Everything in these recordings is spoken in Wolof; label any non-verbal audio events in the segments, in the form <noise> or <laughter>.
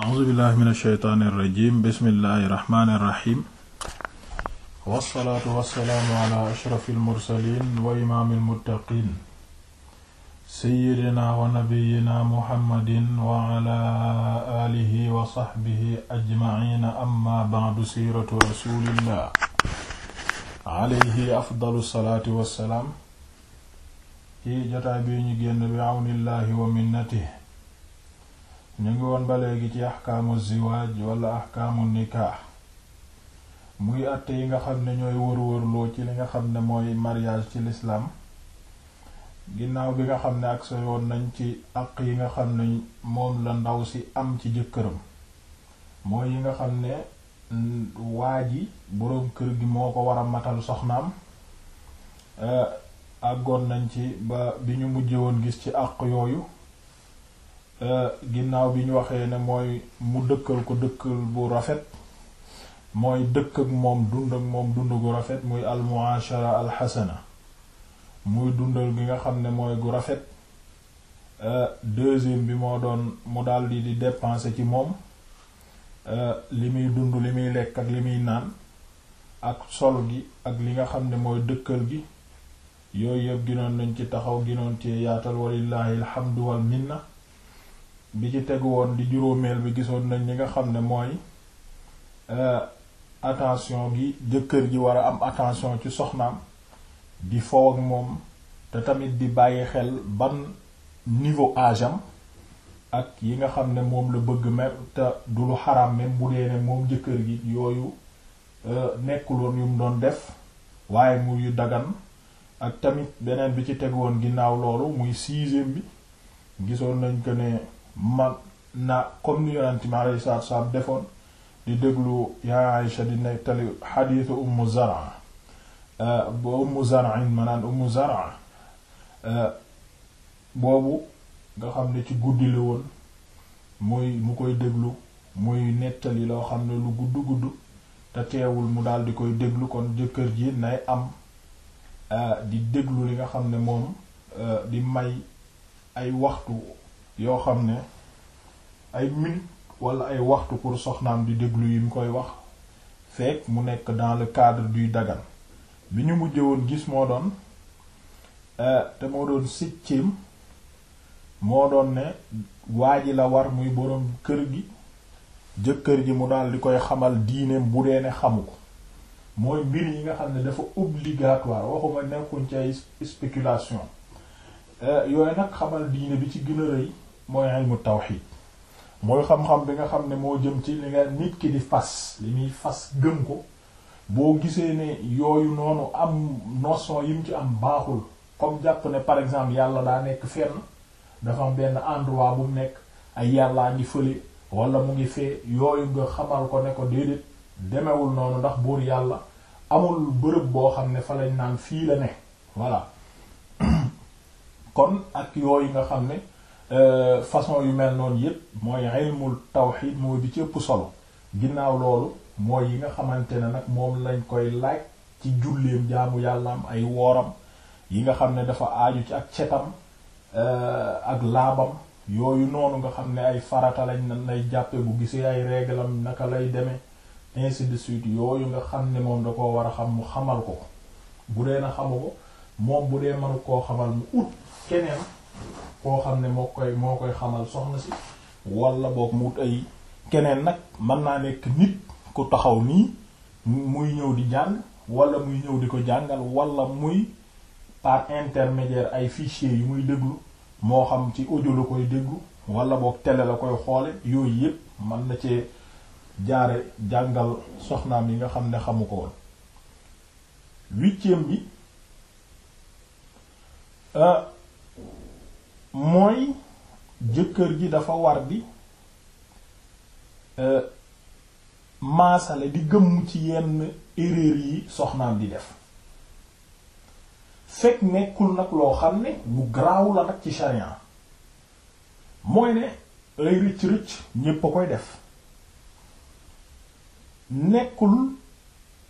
a'uuzu billahi min ashaytaani irrajim bismillahi irrahmaani irrahim wassalaatu wassalaamu ala ashrafil mursaliin wa imaamil muttaqiin sayyidina wa nabiyyina muhammadin wa ala aalihi wa sahbihi ajmaciina amma ba'du siiratu rasuulillah alayhi afdalu salaatu wassalaam ci jotaay bi ñu génn bi awnillahi wa minnatihi ñu ngi woon ba léegi ci axkaamu ziwaaj wala axkaamu nikaax muy àtte yi nga xam ne ñooy wër ci li nga xam ne mooy mariage ci lislaam ginnaaw bi nga xam ne ak sa yoon nañ ci àq yi nga xam ne moom la ndaw si am ci jëkkëram mooy yi nga xam ne waa ji boroom kër gi moo ko war a matal soxnaam eh, àggoon nañ ci ba bi ñu mujje woon gis ci àq yooyu Euh, ginnaaw bi ñu waxee ne mooy mu dëkkal ko dëkkal bu rafet mooy dëkk ak moom dund ak moom dund gu rafet muy al muashara al muy dundal gi nga xam ne mooy gu rafet euh, deuxième bi moo doon mu daldi di dépenser ci moom euh, li muy dund li muy lekk ak li muy naan ak sol gi ak li nga xam ne mooy dëkkal gi yooyu yëpp ginoon nañ ci taxaw ginoon ci yaatal walillahi alhamdu wal minna bi ci tegu woon di juróomeel bi gisoon nañ li nga xam ne mooy euh, attention gi jëkkër ji war a am attention ci soxnaam di fow ak moom te tamit di bàyyi xel ban niveau âge am ak yi nga xam ne moom la bëgg mer te du lu xaraam même bu dee ne moom jëkkër gi yooyu euh, nekkuloon yu mu doon def waaye mu yu ak tamit beneen bi ci teg woon ginnaaw loolu muy sixième bi gisoon nañ ko ne mag na comme ni yonent mi alayhi salaatu salaam defoon di déglu yaa Aïsha di nettali xadiisu Ummu Zar'a euh, bu Ummu Zar'in maanaam Ummu Zar'a euh, boobu nga xam ne ci guddi la woon muy mu koy déglu muy nettali loo xam ne lu gudd gudd te teewul mu daal di koy déglu kon jëkkër ji nay am euh, di déglu li nga xam ne moom di may ay waxtu yoo xam ne ay minutes wala ay waxtu pour soxnaam di déglu yi mu koy wax fekk mu nekk dans le cadre duy dagan bi ñu mujjee woon gis moo doon euh, te moo doon siccim moo doon ne waa ji la war muy boroom kër gi jëkkër gi mu daal di koy xamal diineem bu dee ne xamu ko mooy biir yi nga xam ne dafa obligatoire waxuma nekkuñ ci ay spéculation euh, yooyu nag xamal diine bi ci gën a rëy mooy ilmu tawxiid mooy xam-xam bi nga xam ne moo jëm ci li nga nit ki di fas li muy fas gën ko boo gisee ne yooyu noonu am notion yim ci am baaxul comme jàpp ne par exemple yàlla daa nekk fen dafa benn endroit bu nekk ay yàllaa ngi fële wala mu ngi fee yooyu nga xamal ko ne ko déedéet demewul noonu ndax buur yàlla amul bërëb boo xam ne fa lañ naan fii la ne voilà <coughs> kon ak yooyu nga xam ne Euh, façon yu mel noonu yëpp mooy ilmul tawxid mooy bi ci ëpp solo ginnaaw loolu mooy yi nga xamante ne nag moom lañ koy laaj ci julleem jaamu yàlla am ay wooram yi nga xam ne dafa aaju ci ak cetam euh, ak laabam yooyu noonu nga xam ne ay farata lañ na lay jàppe bu gisee ay réglam naka lay demee ainsi de suite yooyu nga xam ne moom da koo war a xam mu xamal ko bu dee na xamu ko moom bu dee man koo xamal mu ut keneen koo xam ne moo koy moo koy xamal soxna si walla boog mu wut ay keneen nag mën naa nekk nit ku taxaw nii muy ñëw di jàng walla muy ñëw di ko jàngal wala muy par intermédiaire ay fichiers yu muy déglu moo xam ci audio la koy déggu wala book télé la koy xoole yooyu yépp mën na cee jaare jàngal soxnaam yi nga xam ne xamu ko woon huitième bi euh, mooy jëkkër ji dafa war bi euh, maasale di gëmm ci yenn erreur yi soxnaam di def fekk nekkul nag loo xam ne bu garaaw la nag ci sharia mooy ne ay rëcc rëcc ñépp koy def nekkul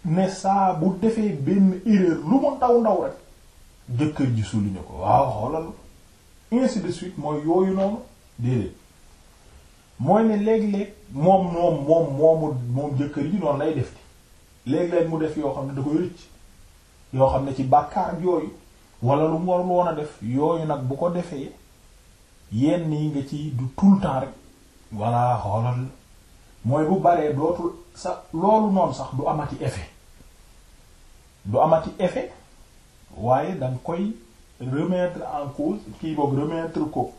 ne saa bu defee benn erreur lu mu ndaw ndaw rek jëkkër ji suluñu ko waaw xoolal ainsi de suite mooy yooyu noonu déedéet mooy ne léeg-léeg moom moom moom moomu moom jëkkër ji noonu lay def léeg-léeg mu def yoo xam ne da koy rëcc yoo xam ne ci bàkkaar yooyu wala lu mu warul woon a def yooyu nag bu ko defee yenn yi nga ci du tout le temps rek voilà xoolal mooy bu baree dootul sa loolu noonu sax du amati effet du amati effet waaye danga koy remettre en cause kii boobu remettre ko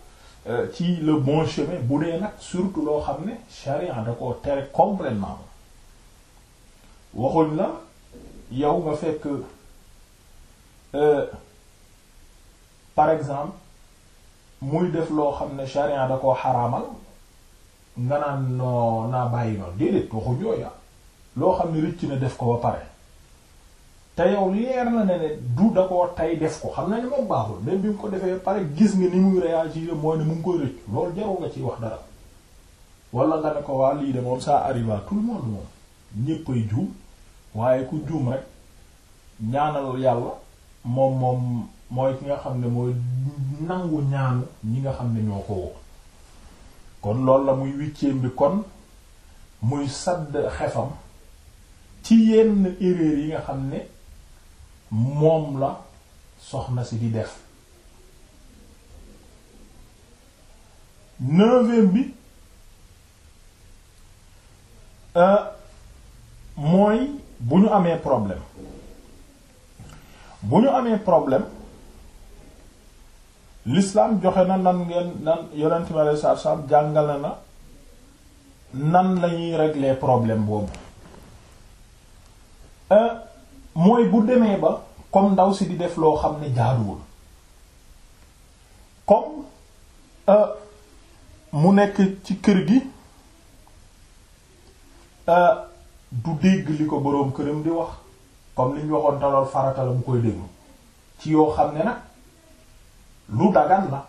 euh, ci le bon chemin bu dee nag surtout loo xam ne charia da koo tere complètement waxuñ la yow nga fekk euh, par exemple muy def loo xam ne charia da ko xaraamal nga naan noo naa bàyyi noonu déedéet waxuñ yooya loo xam ne rëcc na def ko ba pare te yow leer na ne ne du da koo tay def ko xam na ne moom baaxul même bi mu ko defee pare gis ni ni muy réagir mooy ne mu ngi koy rëccu loolu jarul nga ciy wax dara walla nga ne ko waa lii de moom ça arrive à tout le monde moom ñépp juum waaye ku juum rek ñaanal yàlla moom moom mooy ki nga xam ne mooy nangu ñaanu ñi nga xam ne ñoo ko woo kon loolu la muy huitième bi kon muy sadd xefam ci yenn erreur yi nga xam ne moom la soxna si di def neuvième bi euh, mooy bu ñu amee problème bu ñu amee problème l'islam joxe na nan ngeen nan yonent bi alayhi salaatu salaam jàngale na nan lañuy régler problème boobu euh, mooy bu demee ba comme ndaw si di def loo xam ne jaaduwul comme euh mu nekk ci kër gi euh du dégg li ko boroom këram di wax comme li ñu waxoon talool farata la mu koy déglu ci yoo xam ne nag lu dagan la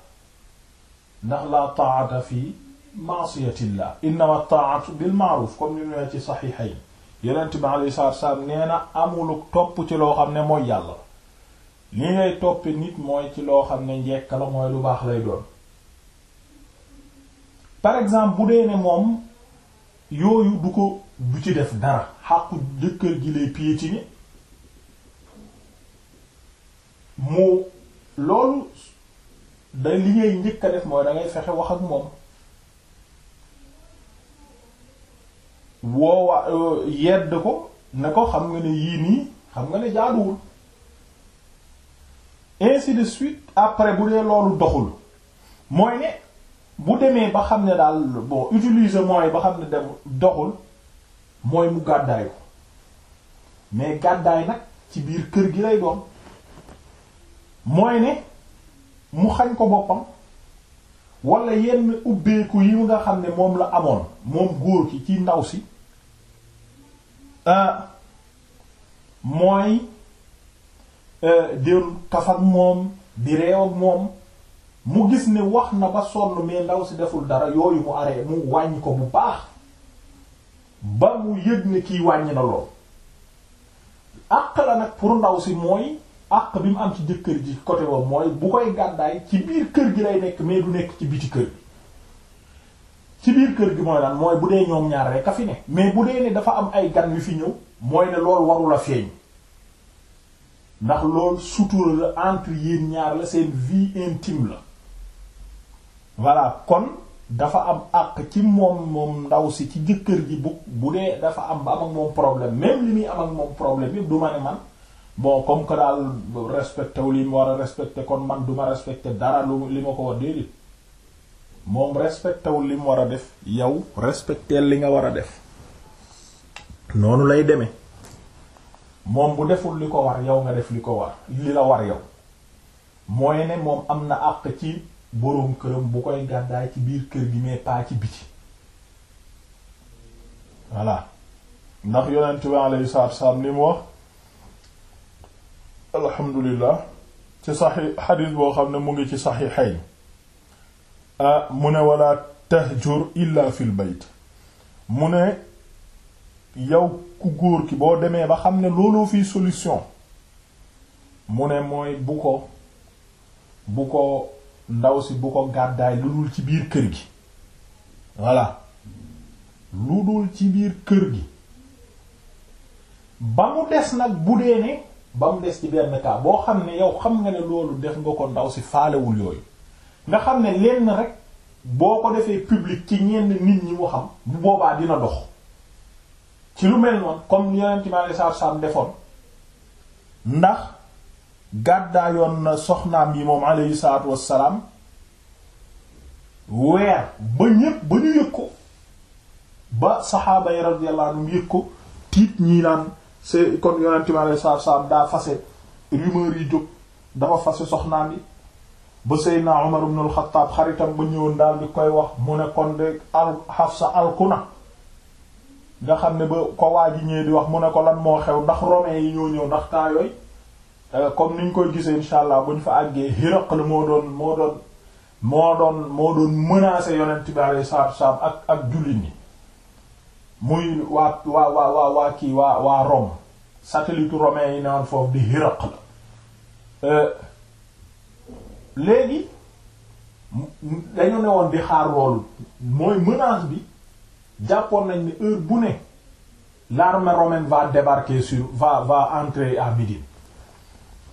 ndax la ta'ata fi ma'siyatillah innama ta'atu bil ma'ruf comme ni ñu waxee ci saxiixayn yonent bi alayhi salaatu salaam nee na amulu topp ci loo xam ne mooy yàlla li ngay toppe nit mooy ci loo xam ne njekk la mooy lu baax lay doon par exemple bu dee ne moom yooyu du ko du ci def dara xàqu jëkkër ji lay piétiner mu loolu da li ngay njëkk a def mooy da fexe wax ak moom woowa euh, yedd ko na ko xam nga ne yii nii xam nga ne jaaduwul ainsi de suite après bu dee loolu doxul mooy ne bu demee ba xam ne daal bon utiliser mooy ba xam ne dem doxul mooy mu gàddaay ko mais gàddaay nag ci biir kër gi lay doon mooy ne mu xañ ko boppam walla yenn ubbeeku yi nga xam ne moom la amoon moom góor ki ci ndaw si Euh, mooy déru euh, kaf ak moom di reew moom mu gis ni wax na ba sonn mais ndaw si deful dara yooyu mu aree mu wàññi ko bu baax ba mu yëg ne kiy wàññi na lool àq la nag pour ndaw si mooy àq bi mu am ci jëkkër ji côté boobu mooy bu koy gàddaay ci biir kër gi lay nekk mais du nekk ci biti kër gi ci biir kër gi mooy lan mooy bu dee ñoom ñaar rek a fi ne mais bu dee ne dafa am ay gan yu fi ñëw mooy ne loolu warula feeñ ndax lool sutura la entre yéen ñaar la seen vie intime la voilà kon dafa am àq ci moom moom ndaw si ci jëkkër ji bu bu dee dafa am ba am moom problème même li muy am moom problème yëpp du ma ne man boo comme que daal respecté wu li mu respecté kon man du ma respecté dara lu li ma ko war déedéet moom respecté wul li mu war a def yow respecté li nga war a def noonu lay deme moom bu deful li ko war yow nga def li ko war li la war yow mooy ne moom am na àq ci boroom këram bu koy gàddaay ci biir kër gi mais pas ci biti voilà ndax yonent bi alayhi salaatu wassalaam li mu wax alhamdulilah ci saxi xadiis boo xam ne mu ngi ci sax saxiixayn mu ne wala tahjur illa fil bayt mu ne yow ku góor ki boo demee ba xam ne looloo fiy solution mu ne mooy bu ko bu ko ndaw si bu ko gàddaay lu dul ci biir kër gi voilà lu dul ci biir kër gi ba mu des nag bu dee ne ba mu des ci benn cas boo xam ne yow xam nga ne loolu def nga ko ndaw si faalewul yooyu nga xam ne lenn rek boo ko defee public ci ñenn nit ñi mu xam boobaa dina dox ci lu mel noonu comme yeneen ci ndax gàddaayoon na soxnaam yi moom alayhi salaatu wassalaam weer ba ñépp ba ñu yëg ko ba saxaaba yi radiyallahu anhum yëg ko tiit ñii naan c'est kon yonent mi alayhi salaatu wassalaam daa fase rumeur yi jóg dafa fase soxnaam yi ba Seydina Umar ibn al-Khattab xaritam ba ñëwoon daal di koy wax mu ne kon de al Hafsa alkuna nga xam ne ba ko waa ji di wax mu ne ko lan moo xew ndax romain yi ñoo ñëw ndax taa yooyu euh, comme niñ koy gisee insha allah bu ñu fa àggee Hiraql moo doon moo doon moo doon moo doon menacer yonent bi alayhi salaatu salaam ak ak jullit ñi muy waa waa waa waa kii waa waa Rome satellite romain yi ne woon foofu di Hiraql euh, léegi dañu newoon di xaar loolu mooy menace bi jàppoon nañ ni heure bu ne l'armée romaine va débarquer sur va va entrer à Médine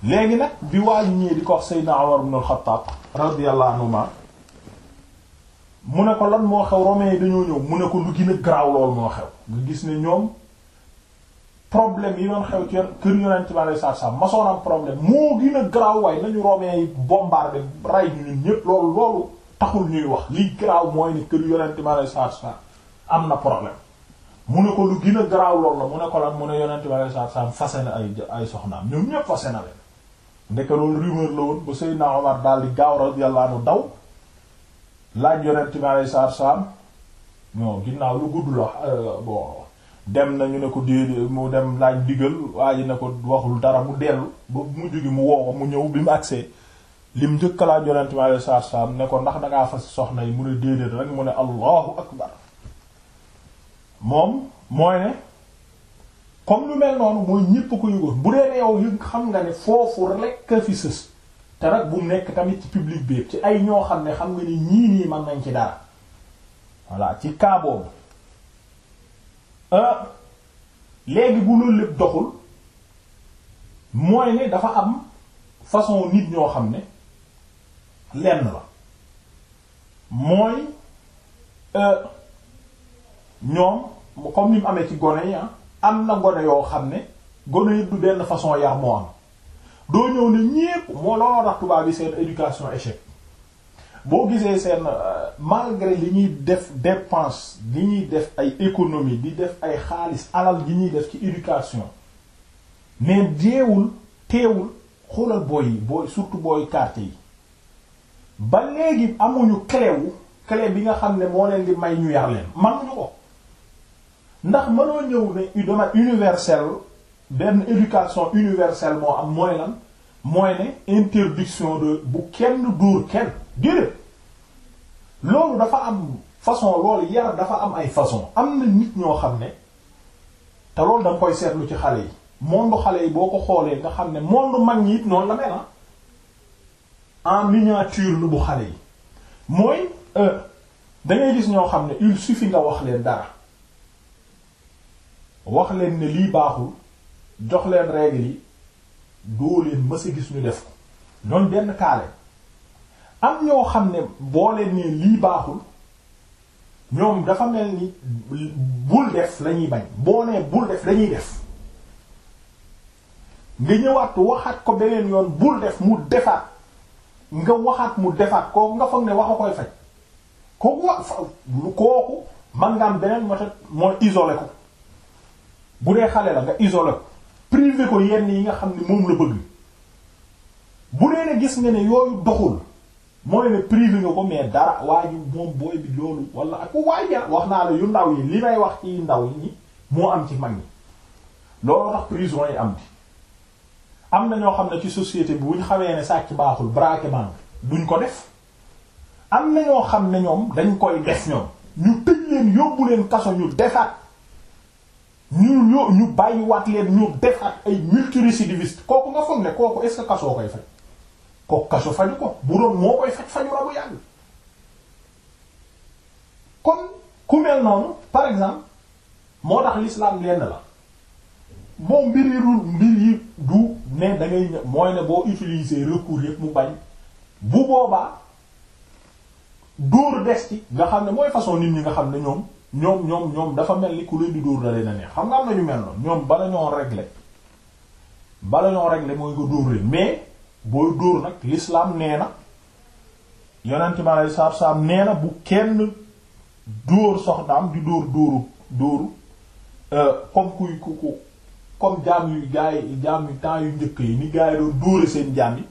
léegi nag bi waa ñii di ko wax Seydina Umar ibn al-Khattab radiyallahu anhuma mu ne ko lan moo xew romains yi dañoo ñëw mu ne ko lu gën a garaaw moo xew nga gis ne ñoom problème yi doon xew ci kër yonent bi alayhi masoon am problème moo gën a waaye nañu romains yi ray ñu ñun ñépp loolu loolu taxul ñuy wax li garaaw mooy ni kër yonent bi alayhi salaatu na problème mu ne ko a garaaw loolu la mu ne ko lan ay ay soxnaam ñépp fase na leen ndeke loolu rumeur la woon ba Seydina Omar daal di gaaw radiyallahu anhu daw laaj yonent bi alayhi salaatu salaam ginnaaw lu gudd la euh, dem na ñu ne ko déedéet mu dem laaj digal waa ji ne ko waxul dara mu dellu ba mu gi mu woo mu ñëw bi mu agsee lim njëkk laa yonent mi alayhi salaatu ne ko ndax dangaa fas soxna yi mu ne déedéet rek mu ne allahu akbar moom mooy ne comme lu mel noonu mooy ñépp ko yëgoon bu dee yow yi xam nga ne foofu rekk a fi sës te rek bu nekk tamit ci public bi ci ay ñoo xam ne xam nga ni ñii nii mën nañ ci dara voilà ci cas Euh, léegi bu loolu lépp doxul mooy ne dafa am façon nit ñoo xam ne lenn la mooy euh, ñoom comme ni mu amee ci gone yi ah, am na gone yoo xam ne gone yi du benn façon yar moo am doo ñëw ne ñépp moo looloo tax tubaab bi seen éducation échec boo gisee seen euh, malgré li ñuy def dépense li ñuy def ay économie di def ay xaalis alal gi ñuy def ci éducation mais deewul teewul xoolal booy yi booy surtout booy quartier yi ba léegi amuñu clé wu bi nga xam ne moo leen di may ñu yar leen mënuñu ko ndax mënoo ñëw ne dama universel benn éducation universelle moo am mooy lan mooy ne interdiction de bu kenn dóor kenn déedéet loolu dafa am façon loolu yar dafa am ay façon am na nit ñoo xam ne te loolu danga koy seetlu ci xale yi monde xale yi boo ko xoolee nga xam ne monde mag ñi it noonu la mel ah. en miniature lu bu xale yi mooy euh, dangay gis ñoo xam ne il suffit nga wax leen dara wax leen ne lii baaxul jox leen règle yi doo leen mës gis ñu def ko ñoom benn kaale am ñoo xam ne boo leen ne lii baaxul ñoom dafa mel ni bul def lañuy bañ boo nee bul def lañuy def nga ñëwaat waxaat ko beneen yoon bul def mu defaat nga waxaat mu defaat kooku nga foog ne wax a koy kooku man nga am beneen moo tax mooy isolé ko bu dee xale la nga isolé ko privé ko yenn yi nga xam ne moom la bëgg bu dee ne gis nga ne yooyu doxul mooy ne privé nga ko mais dara waa ji moom booy bi loolu wala ak waaja wax naa la yu ndaw yi li may wax ci ndaw yi moo am ci mag ñi loolu tax prison yi am di am na ñoo xam ne ci société bi bu ñu xawee baaxul braquer duñ ko def am na ñoo xam ne ñoom dañ koy def ñoom ñu tëj leen yóbbu leen kaso ñu defaat ñu ñu bàyyiwaat leen ñu defaat ay multirécidivistes kooku nga foog ne kooku est-ce que kasoo koy fay ko kaso faju ko bu doon moo koy faj faju la bu yàgg kon ku mel noonu par exemple moo tax l'islam lenn la moom mbir yi du mbir yi du ne da mooy ne boo utiliser recours yëpp mu bañ bu boobaa dóor des ci nga xam ne mooy façon nit ñi nga xam ne ñoom ñoom ñoom ñoom dafa mel ni ku leen di dóor da na a xam nga am na ñu mel noonu ñoom bala ñoo régler bala ñoo régler mooy nga dóor leen mais. booy dóor nag lislaam nee na yonent mi aleyhi salaatu salaam nee na bu kenn dóor soxnaam di dóor dóoru dóoru euh, comme kuy ku ku comme jaam yu gaa jaam yu temps yu njëkk yi ni gaa yi dóore seen jaam yi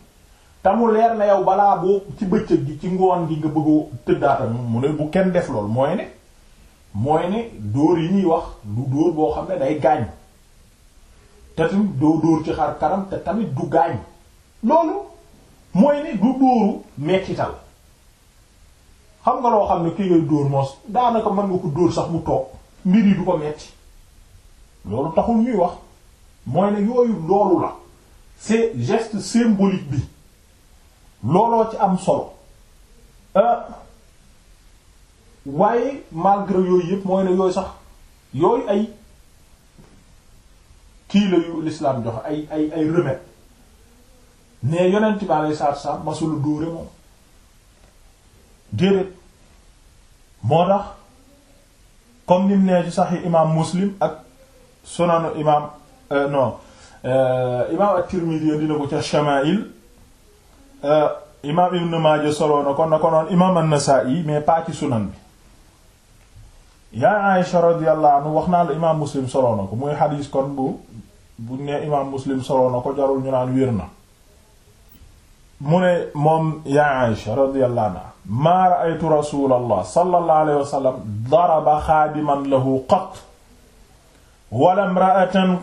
te mu leer na yow balaa boo ci bëccëg gi ci ngoon gi nga bëggoo tëddaata mu ne bu kenn def lool mooy ne mooy ne dóor yi ñuy wax du dóor boo xam ne day gaañ te tamit doo dóor ci xar kanam te tamit du gaañ loolu mooy ne du dóoru mettital xam nga loo xam ne ki ngay dóor moos daanaka mën nga ko dóor sax mu toog mbir yi du ko metti loolu taxul ñuy wax mooy ne yooyu loolu la c'est geste symbolique bi looloo ci am solo euh, waaye malgré yooyu yëpp mooy ne yooyu sax yooyu ay kii la yu l'islam joxe ay ay ay remède mais yonent bi alei satu salaam masula dóore moom déedéet moo tax comme nim nee ci sax imaam muslim ak sunanu imaam euh, non euh, imaam at-Tirmidhi dina ko ca Shamaa'il euh, imaam Ibn Maaja soloo na ko na ko noon imaam an-Nasaa'i mais pas sunan bi yaa Aysha radiyallahu wax naa la imaam muslim soloo na ko muy xadiis kon bu buñ nee imaam muslim soloo ko jarul ñu naan wér na mu ne moom yaa Aysha radiyallahu anha maa ra'aytu rasulallah sallallahu alayhi wa sallam daraba xaadiman lahu qat wala imra'atan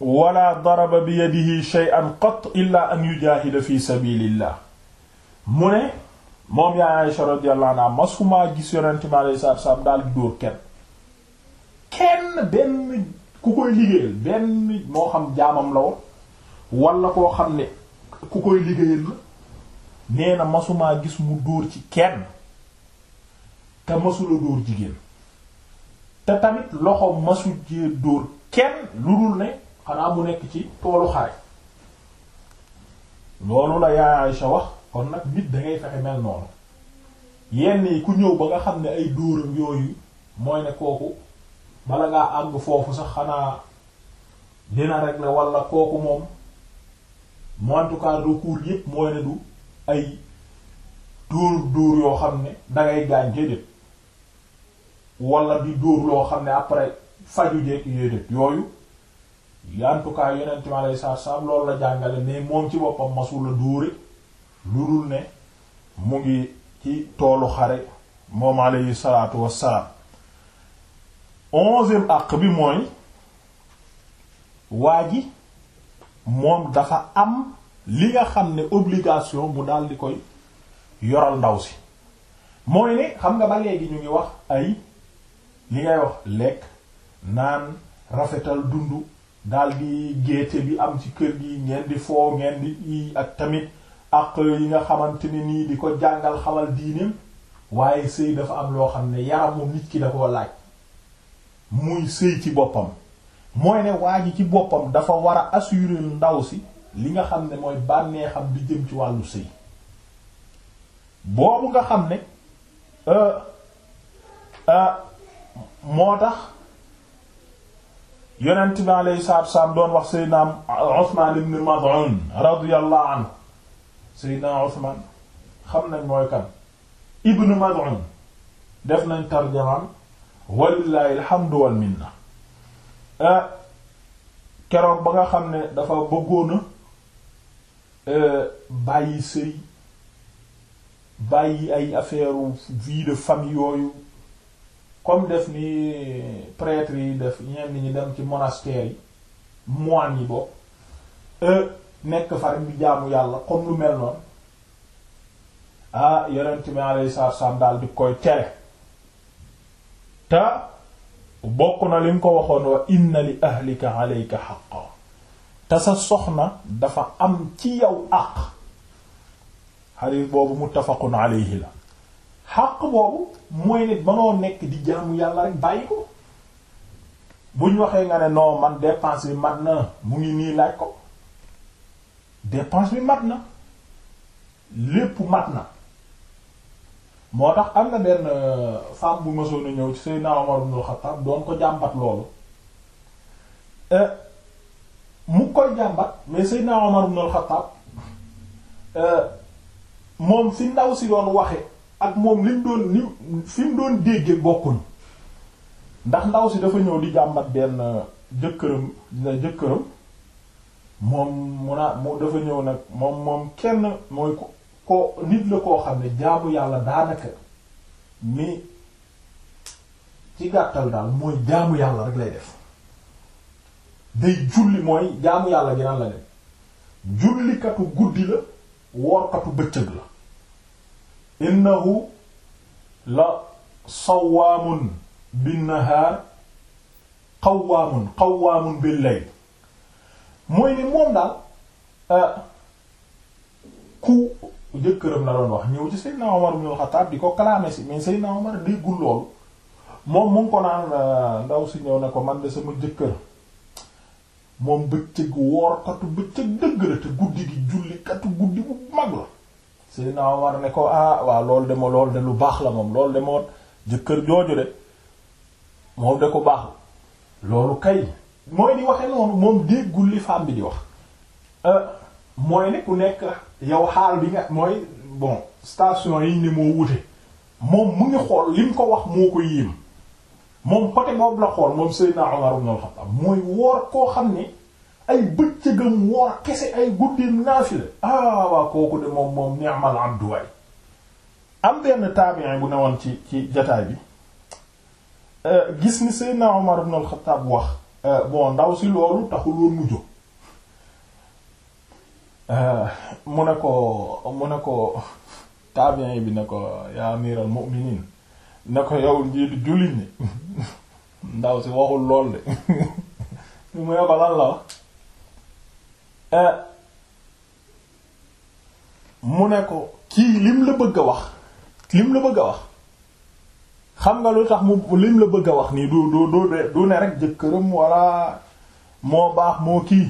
wala daraba bi yadihi shay'an qat illa an yujaahida fi sabilillah mu ne moom yaa Aysha radiyallahu anha masumaa gis yonente mi alayhi salaatu salaam daal di dóor kenn kenn benn ku koy liggéeyal benn moo xam jaamam la woon wala koo xam ne ku koy liggéeyal la nee na masumaa gis mu dóor ci kenn te masula dóor jigéen te tamit loxo masu jee dóor kenn lu dul ne xanaa mu nekk ci toolu xare loolu la yaay sa wax kon nag nit dangay fexe mel noonu yenn yi ku ñëw ba nga xam ne ay dóoram yooyu mooy ne kooku bala ngaa àgg foofu sax xanaa dina rek la walla kooku moom en tout cas recours yépp mooy ne du ay dóor dóor yoo xam ne dangay gaañ déedéet wala di dóor loo xam ne après faju jeeg déedéet yooyu en tout cas yeneen mi alei saatu la jàngale mais moom ci boppam masula dóore lu dul ne mu ngi ci toolu xare moom aleyhi salatu wassalaam bi mooy waa moom dafa am li nga xam ne obligation bu daal di koy yoral ndaw si mooy ne xam nga ba léegi ñu ngi wax ay li ngay wax lekk naan rafetal dund daal di géete bi am ci kër gi ngeen di foo ngeen di ii ak tamit ak yi nga xamante ni nii di ko jàngal xamal diineem waaye sëy dafa am loo xam ne yaramu nit ki da laaj muy sëy ci boppam mooy ne waa ji ci boppam dafa war a assurer ndaw si li nga xam ne mooy bànneexam bi jëm ci wàllu sëy boobu nga xam ne euh, euh, moo tax yonent bi alayhi salaatu wasalaam doon wax Seydina Usmaan ibn Maz'un radiyallahu anhu Seydina Usmaan xam nañ mooy kan ibn Maz'un def nañ tarjamaam walillahi alhamdu wal minna Ah, keroog ba nga xam ne dafa bëggoona euh, bàyyi sëy bàyyi ay affaire vie de famille yooyu comme def ni prêtre yi def ñenn ñi dem ci monastère yi moine yi bokk euh, nekk far bi jaamu yàlla comme lu mel noonu ah yonent bi alayhi salaatu wassalaam daal di koy tere te bokk na lim ko waxoon wa inna li ahlika alayka xaqa te sa soxna dafa am ci yow àq xadiis boobu muttafaqun alayhi la xaq boobu nekk di jaamu yàlla rek bàyyi ko buñ waxee nga ne non man dépense bi mat na mu ngi nii laaj ko dépense bi mat na lépp mat na moo tax am na benn euh, femme bu mësoon a ñëw ci Seydina Omar ibn al doon ko jàmbat loolu euh, mu koy jàmbat mais Seydina Omar ibn al euh, moom fi ndaw si doon waxe ak moom liñ doon li fi mu doon dégge bokkul ndax ndaw si dafa ñëw di jàmbat benn jëkkëram dina jëkkëram moom mun naa mu dafa ñëw nag moom moom kenn mooy ko ko nit la koo xam ne jaamu yàlla daanaka mi ci gàttal daal mooy jaamu yàlla rek lay def day julli mooy jaamu yàlla gi nan la ne jullikatu guddi la woorkatu bëccëg la innahu la sawaamun binnahaar qawaamun qawaamun bil mooy ni moom daal euh, ku jëkkëram la doon wax ñëw ci Seydina Omar ibn al-Khattab di ko clamé si mais Seydina Omar déggul loolu moom mu ko naan euh, ndaw si ñëw ne ko man de sama jëkkër moom bëccëg woorkatu bëccëg dëgg la te guddi gi jullikatu guddi bu mag la Seydina Omar ne ko ah waaw loolu de ma loolu de lu baax la moom loolu de moo jëkkër jooju de moom déggul li femme bi di wax euh, mooy ne ku nekk yow xaal bi nga mooy bon station yi ne moo wute moom mu ngi xool li mu ko wax moo ko yéem moom côté boobu la xool moom Seydina Umar ibn al koo xam ne ay bëccëgam kese ay guddeem naafila ah waa kooku moom moom ni'mal abdu am benn taabi'i bu newoon ci ci jataay bi euh, gis ni Seydina Umar ibn al-Khattab wax euh, ndaw si loolu taxul woon mu jóg Euh, mu ne ko mu ne ko taabien bi ne ko yaa amiral mu'minin ne ko yow njiitu jullit ñi ndaw si waxul lool de mu ne ko lan euh, kii lim la bëgg a wax lim la bëgg a wax xam nga lu tax mu lim la bëgg a wax nii du du du du ne rek jëkkëram walla moo baax moo kii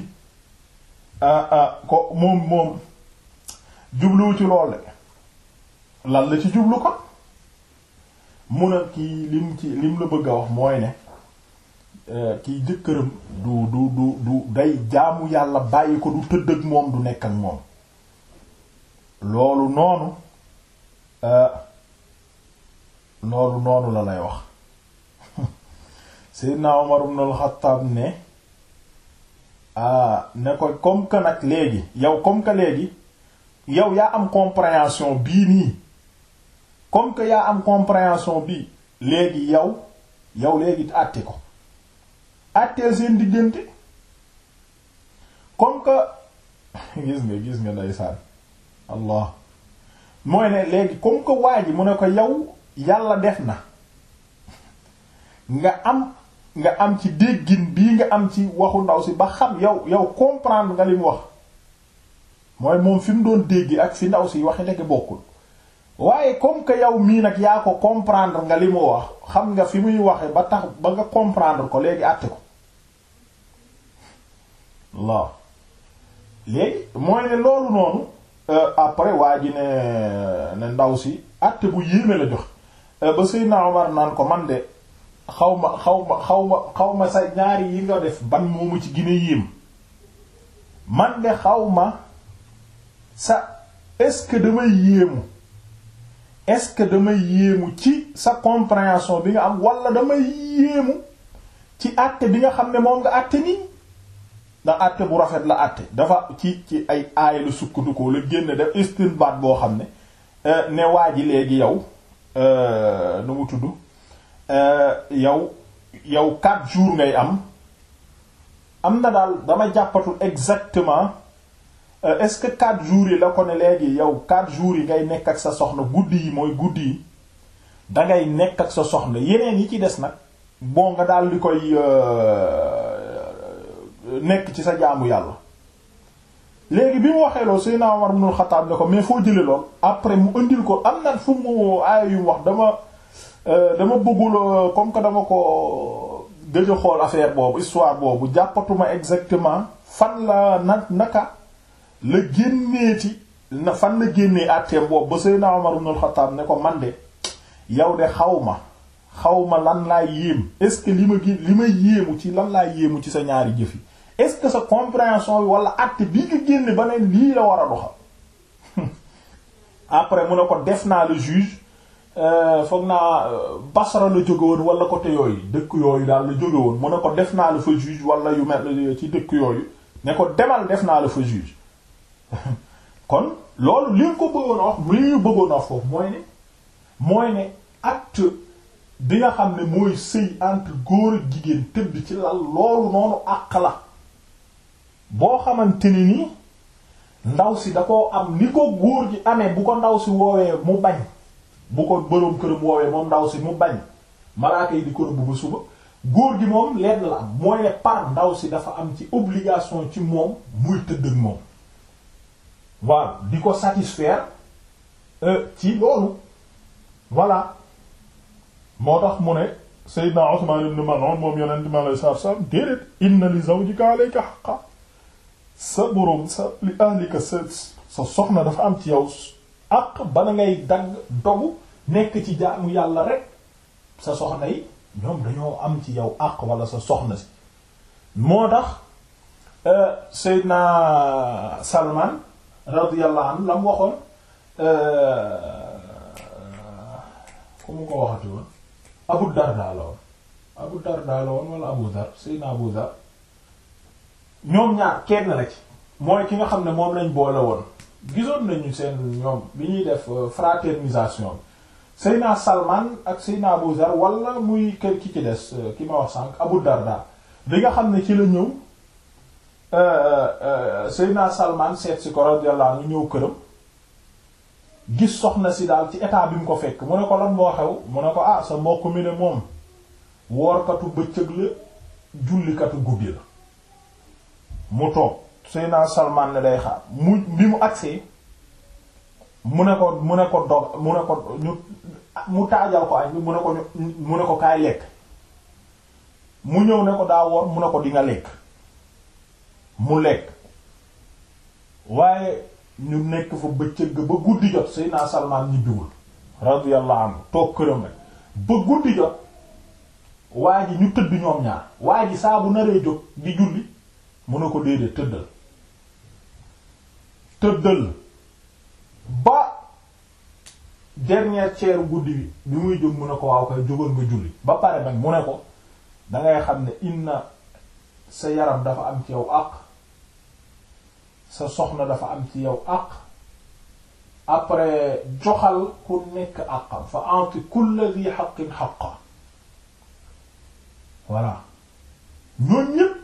Ah, ah, ko moom moom jubluwu ci lool de la ci jublu ko mun a kii lim ci lim la bëgg a wax mooy ne eh, kiy jëkkëram du du du du day jaamu yàlla bàyyi ko du tëdd moom du nekk ak moom loolu noonu eh, loolu noonu la lay wax <laughs> Seydina Umar ibn al-Khattab ne ah ne ko comme que nag léegi yow comme que léegi yow yaa am compréhension bii nii comme que yaa am compréhension bii léegi yow yow léegi àtte ko àtteel seen diggante comme que <laughs> gis nga gis nga ndeysaan allah mooy ne léegi comme que waa ji mu ne ko yow yàlla def na <laughs> nga am nga am ci déggin bii nga am ci waxu ndaw si ba xam yow yow comprendre nga li mu wax mooy moom fi mu doon déggi ak si ndaw si waxi nekk bokkul waaye comme que yow mii nag yaa ko comprendre nga li mu wax xam nga fi muy waxe ba tax ba nga comprendre ko léegi àtte ko waaw léegi mooy ne loolu noonu euh, après waa ji ne ndaw si àtte bu yéeme la jox euh, ba Seydina Omar naan ko man de xaw ma xaw ma xaw ma xaw ma sa ñaari yi nga def ban moomu ci gine yéem man de xaw ma sa est-ce que damay yéemu est-ce que damay yéemu ci sa compréhension bi nga am wala damay yéemu ci àtte bi nga xam ne moom nga àtte nii ndax àtte bu rafet la àtte dafa ci ci ay aaya la sukkandikoo la génn def istinbaat boo xam ne euh, ne waa ji léegi yow euh, nu mu tudd Euh, yow yow quatre jour ngay am am na daal dama jàppatul exactement euh, est-ce quatre jours yi la ko ne léegi yow quatre jours yi ngay nekk ak sa soxna guddi yi mooy guddi yi dangay nekk ak sa soxna yeneen yi ci des nag boo nga daal di koy euh, nekk ci sa jaamu yàlla léegi bi mu waxee loolu Seydina Omar ibn Khattab ne ko mais foo jële lool après mu indil ko am na fu mu aaya yu mu wax dama Euh, dama bëggul euh, comme que dama ko gëj a xool affaire boobu histoire boobu jàppatuma exactement fan la na naka la génneeti na fan la génnee àtteem boobu ba Seydina Omar ibn al-Khattab ne ko man de yow de xaw ma xaw ma lan laay yéem est-ce que li ma gi li may yéemu ci lan laay yéemu ci sa ñaari jëf yi est-ce que sa compréhension bi wala acte bi nga génne ba ne lii la war a doxal <laughs> après mu ne ko def naa le juge Euh, foog naa euh, Basra la jóge woon wala côté yooyu dëkk yooyu daal la jóge woon mu ko def naa la fa juge wala yu mel euh, ci dëkk yooyu ne ko demal def naa la fa juge <laughs> kon loolu li ko bëggoon a wax li foofu mooy ne mooy ne acte bi nga xam ne mooy sëy entre góor ak jigéen tëdd ci lal loolu noonu àq la boo xamante ni ni ndaw si da koo am ni ko góor gi amee bu ko ndaw si woowee mu bañ bu ko boroom këram woowee moom ndaw si mu bañ malaaka yi di ko rëbb ba suba góor gi moom lenn la mooy par ndaw si dafa am ci obligation ci moom muy tëdd moom waaw di ko satisfaire euh, ci loolu voilà moo tax mu ne Seydina Usman ibn Mal'un moom yonent mi alayhi salaatu salaam déedéet inna li zawjika alayka haqqan sa boroom sa li ahlika sa soxna dafa am ci yow ak bala ngay dagg dogu nekk ci jaamu yàlla rek sa soxna yi ñoom dañoo am ci yow àq wala sa soxna si moo tax euh, na Salman radiyallahu anhu la mu waxoon euh, ku mu ko waxati woon Abu Darda Abu Darda la Abu Dar Seydina Abu Dar ñoom ñaar kenn la ci mooy ki nga xam ne moom lañ boole gisoon nañu seen ñoom bi ñuy def euh, fraternisation Seyna Salman ak Seyna Abu Zar wala muy kër ki ci des euh, sànq Abu Darda bi nga xam ne ci la ñëw euh, naa Salman seet si ko radiyallahu anhu ñëw këram gis soxna si daal ci état bi mu ko fekk mu ne ko lan moo xew mu ne ko ah sa mbokk mi ne moom woorkatu bëccëg la jullikatu guddi la mu toog Seydina Salman ne day xaar mu bi mu agsee mu ne ko mu ne ko dog mu ne ko ñu mu taajal mu ne ko kaay lekk mu ñëw ne ko daa woor mu ne ko di nga lekk mu lekk waaye ñu nekk fa bëccëg ba guddi jot Seydina Salman ñibbiwul radiyallahu anhu toog këram ba guddi jot waa ji ñu tëdd ñoom ñaar waa ji saa bu naree jóg di julli mu ne ko déedéet tëddal tëddal ba dernier tiers guddi bi muy jóg mu ne ko waaw koy jógal nga julli ba pare nag mu ne ko dangay xam ne inna sa yaram dafa am ci yow àq sa soxna dafa am ci yow àq après joxal ku nekk àqam fa anti kulli dhi haqqin haqqa voilà ñooñu ñépp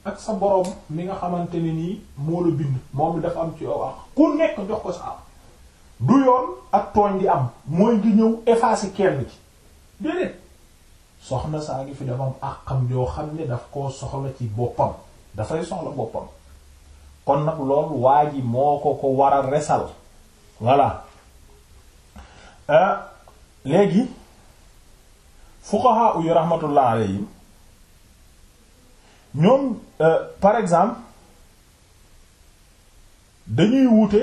ak sa boroom mi nga xamante ni nii moo la bind moom mi dafa am ci yow ak ku nekk jox ko sa am du yoon ak tooñ di am mooy ngi ñëw effacer kenn ci déedéet soxna saa ngi fi dafa am àqam yoo xam ne daf koo soxla ci boppam dafay soxla boppam kon nag loolu waa moo ko ko war a resal voilà euh, léegi fuqaha uyu rahmatullah alayhim ñoom euh, par exemple dañuy wuute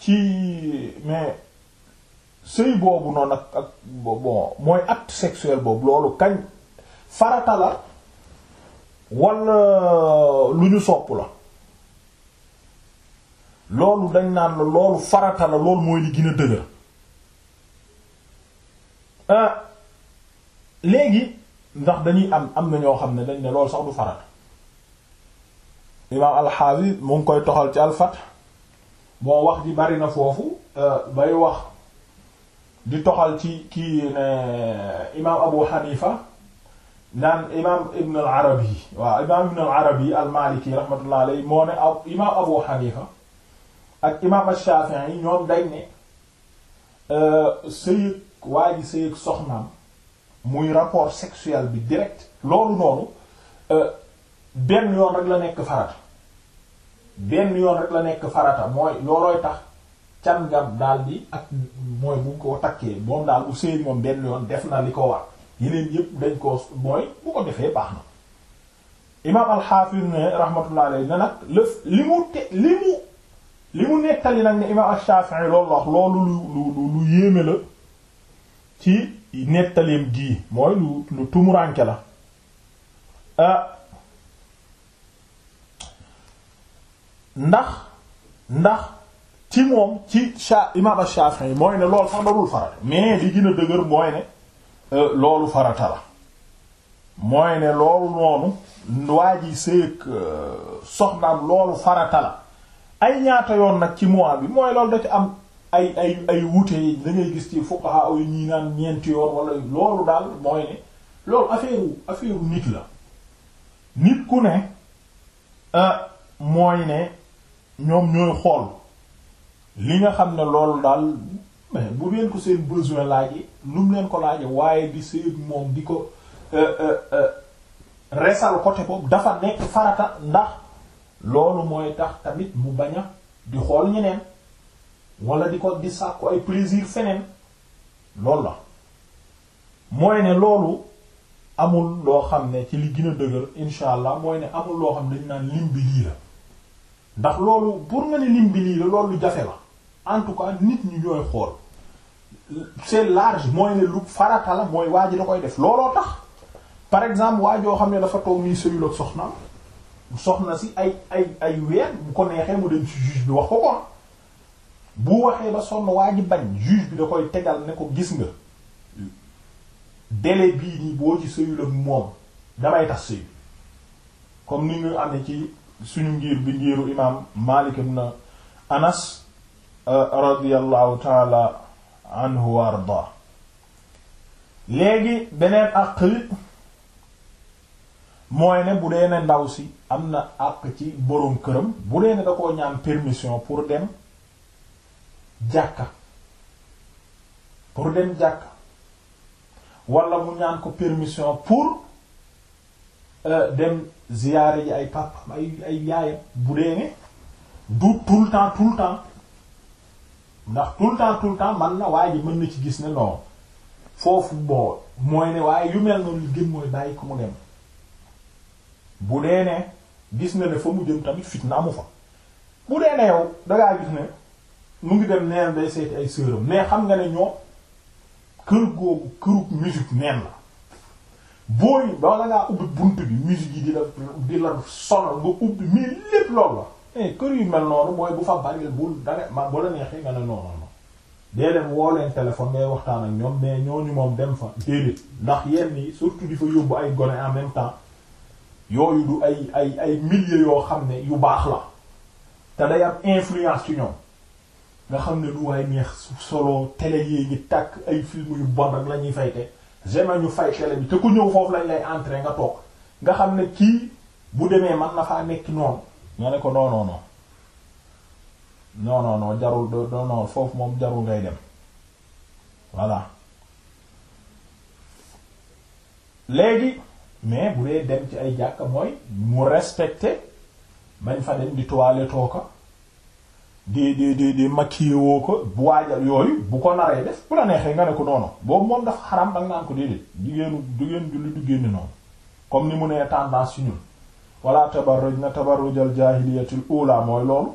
ci mais sëy boobu noonu ak ak bon mooy acte sexuel boobu loolu kañ farata la walla lu ñu sopp la loolu dañ naan la loolu farata la loolu mooy li gën dëgër euh, léegi ndax dañuy am am na ñoo xam ne dañ ne loolu sax du farat imaam alxaafis mu koy toxal ci alfat moo wax ji bari na foofu euh, bay wax di toxal ci kii ne imaam abu xanifa naan imaam ibn al arabi waaw imaam ibn al arabi abu xanifa ak imaam al shafii ñoom dañ ne euh, sëyeek waa ji soxnaam muy rapport sexuel bi direct loolu noonu euh, benn yoon rek la nekk farata benn yoon rek la nekk farata mooy loolooy tax can ngam daal di ak mooy bu ko takkee moom daal usseey moom benn yoon def na li ko wax yeneen yépp dañ ko mooy bu ko defee baax na imaam alxaafis ne rahmatullahi alayhi nag li mu te li mu li mu nettali nag ne imaam al-Shafi'i loolu wax loolu lu lu lu yéeme la ci nettaleem gii mooy lu lu tumuranke la euh, ndax ndax ci moom ci sha imaam Shafi'i mooy ne loolu sax darul farata mais li gën a dëgër mooy ne euh, loolu farata la mooy ne loolu noonu waa ji seeg euh, soxnaam loolu farata la ay ñaata yoon nag ci mois bi mooy loolu da ci am ay ay ay wuute yi gis ci fuqaha yu ñii naan ñeenti yoon wala loolu daal mooy ne loolu affaire affaire nit la nit ku ne ah, mooy ne ñoom ñooy xool li nga xam ne loolu daal bu leen ko seen besoin laaje lu mu leen ko laaje waaye di seen moom di ko eh, eh, eh, resal côté boobu dafa nekk farata ndax loolu mooy tax tamit mu bañ a di xool ñeneen wala di ko di sàkku ay plaisir feneen loolu la mooy ne loolu amul loo xam ne ci li gën a dëgër insha allah mooy ne amul loo xam ne dañ naan lim bi lii la ndax loolu pour nga ni lim bi lii la loolu jafe la en tout cas nit ñu ñooy xool c'est large mooy ne lu farata la mooy waa ji da koy def looloo tax par exemple waa joo xam ne dafa toog nii sëyul ak soxnaam soxna si ay ay ay weer bu ko neexee mu dem ci juge bi wax ko kon bu waxee ba sonn waa bañ juge bi da koy tegal ne ko gis nga délai bii nii boo ci sëyul moom damay tax sëy comme ni nga amee ci suñu ngiir bi ngiiru imaam Maalik ibn Anas euh, radiyallahu taala anhu wa léegi beneen àq mooy ne bu dee ne ndaw si am na àq ci boroom këram bu dee ne da koo ñaan permission pour dem jàkka pour dem jàkka walla mu ñaan ko permission pour euh, dem ziyaare ji ay papam ay yaayam bu dee ne du tout le temps tout temps ndax tout le temps tout le temps man na waaye ji mën na ci gis ne non foofu boo mooy ne waaye yu mel noonu li gën mooy bàyyi ko mu dem bu dee ne gis na ne fa mu jëm tamit fitna amu fa bu dee ne yow dangaa gis ne mu ngi dem neen day seeti ay sëram mais xam nga ne ñoo kër googu kërug musique neen la booy bala ngaa ubbi bunt bi musique yi di la di la sonal nga ubbi mii lépp loolu la e kër yu mel noonu mooy bu fa baril bul dane ma bu la neexee nga ne noonu non dee dem woo leen téléphone ngay waxtaan ak ñoom mais ñooñu moom dem fa déedéet ndax yenn yi surtout di fa yóbbu ay gone en même temps yooyu du ay ay ay milliers yoo xam ne yu baax la te day am influence nga xam ne du waay neex solo télé yi ngi tàkk ay film yu bon ak la ñuy fay te jamais ñu fay télé bi te ku ñëw foofu lañ lay entrer nga toog nga xam ne kii bu demee man na faa nekk noonu. nga ne ko non non non non non non jarul non non foofu moom jarul ngay dem voilà léegi mais bu dee dem ci ay jàkka mooy mu respecté bañ fa dem di toilette tooka. di di di ko bu yooyu bu ko naree def bu la neexee nga ne ko noonu boobu moom dafa xaram danga naan ko déedéet jigéenu jigéen julli du génn noonu comme ni mu nee tendance ci ñun wala tabarruj na tabarrujal jaahiliyatul ula mooy loolu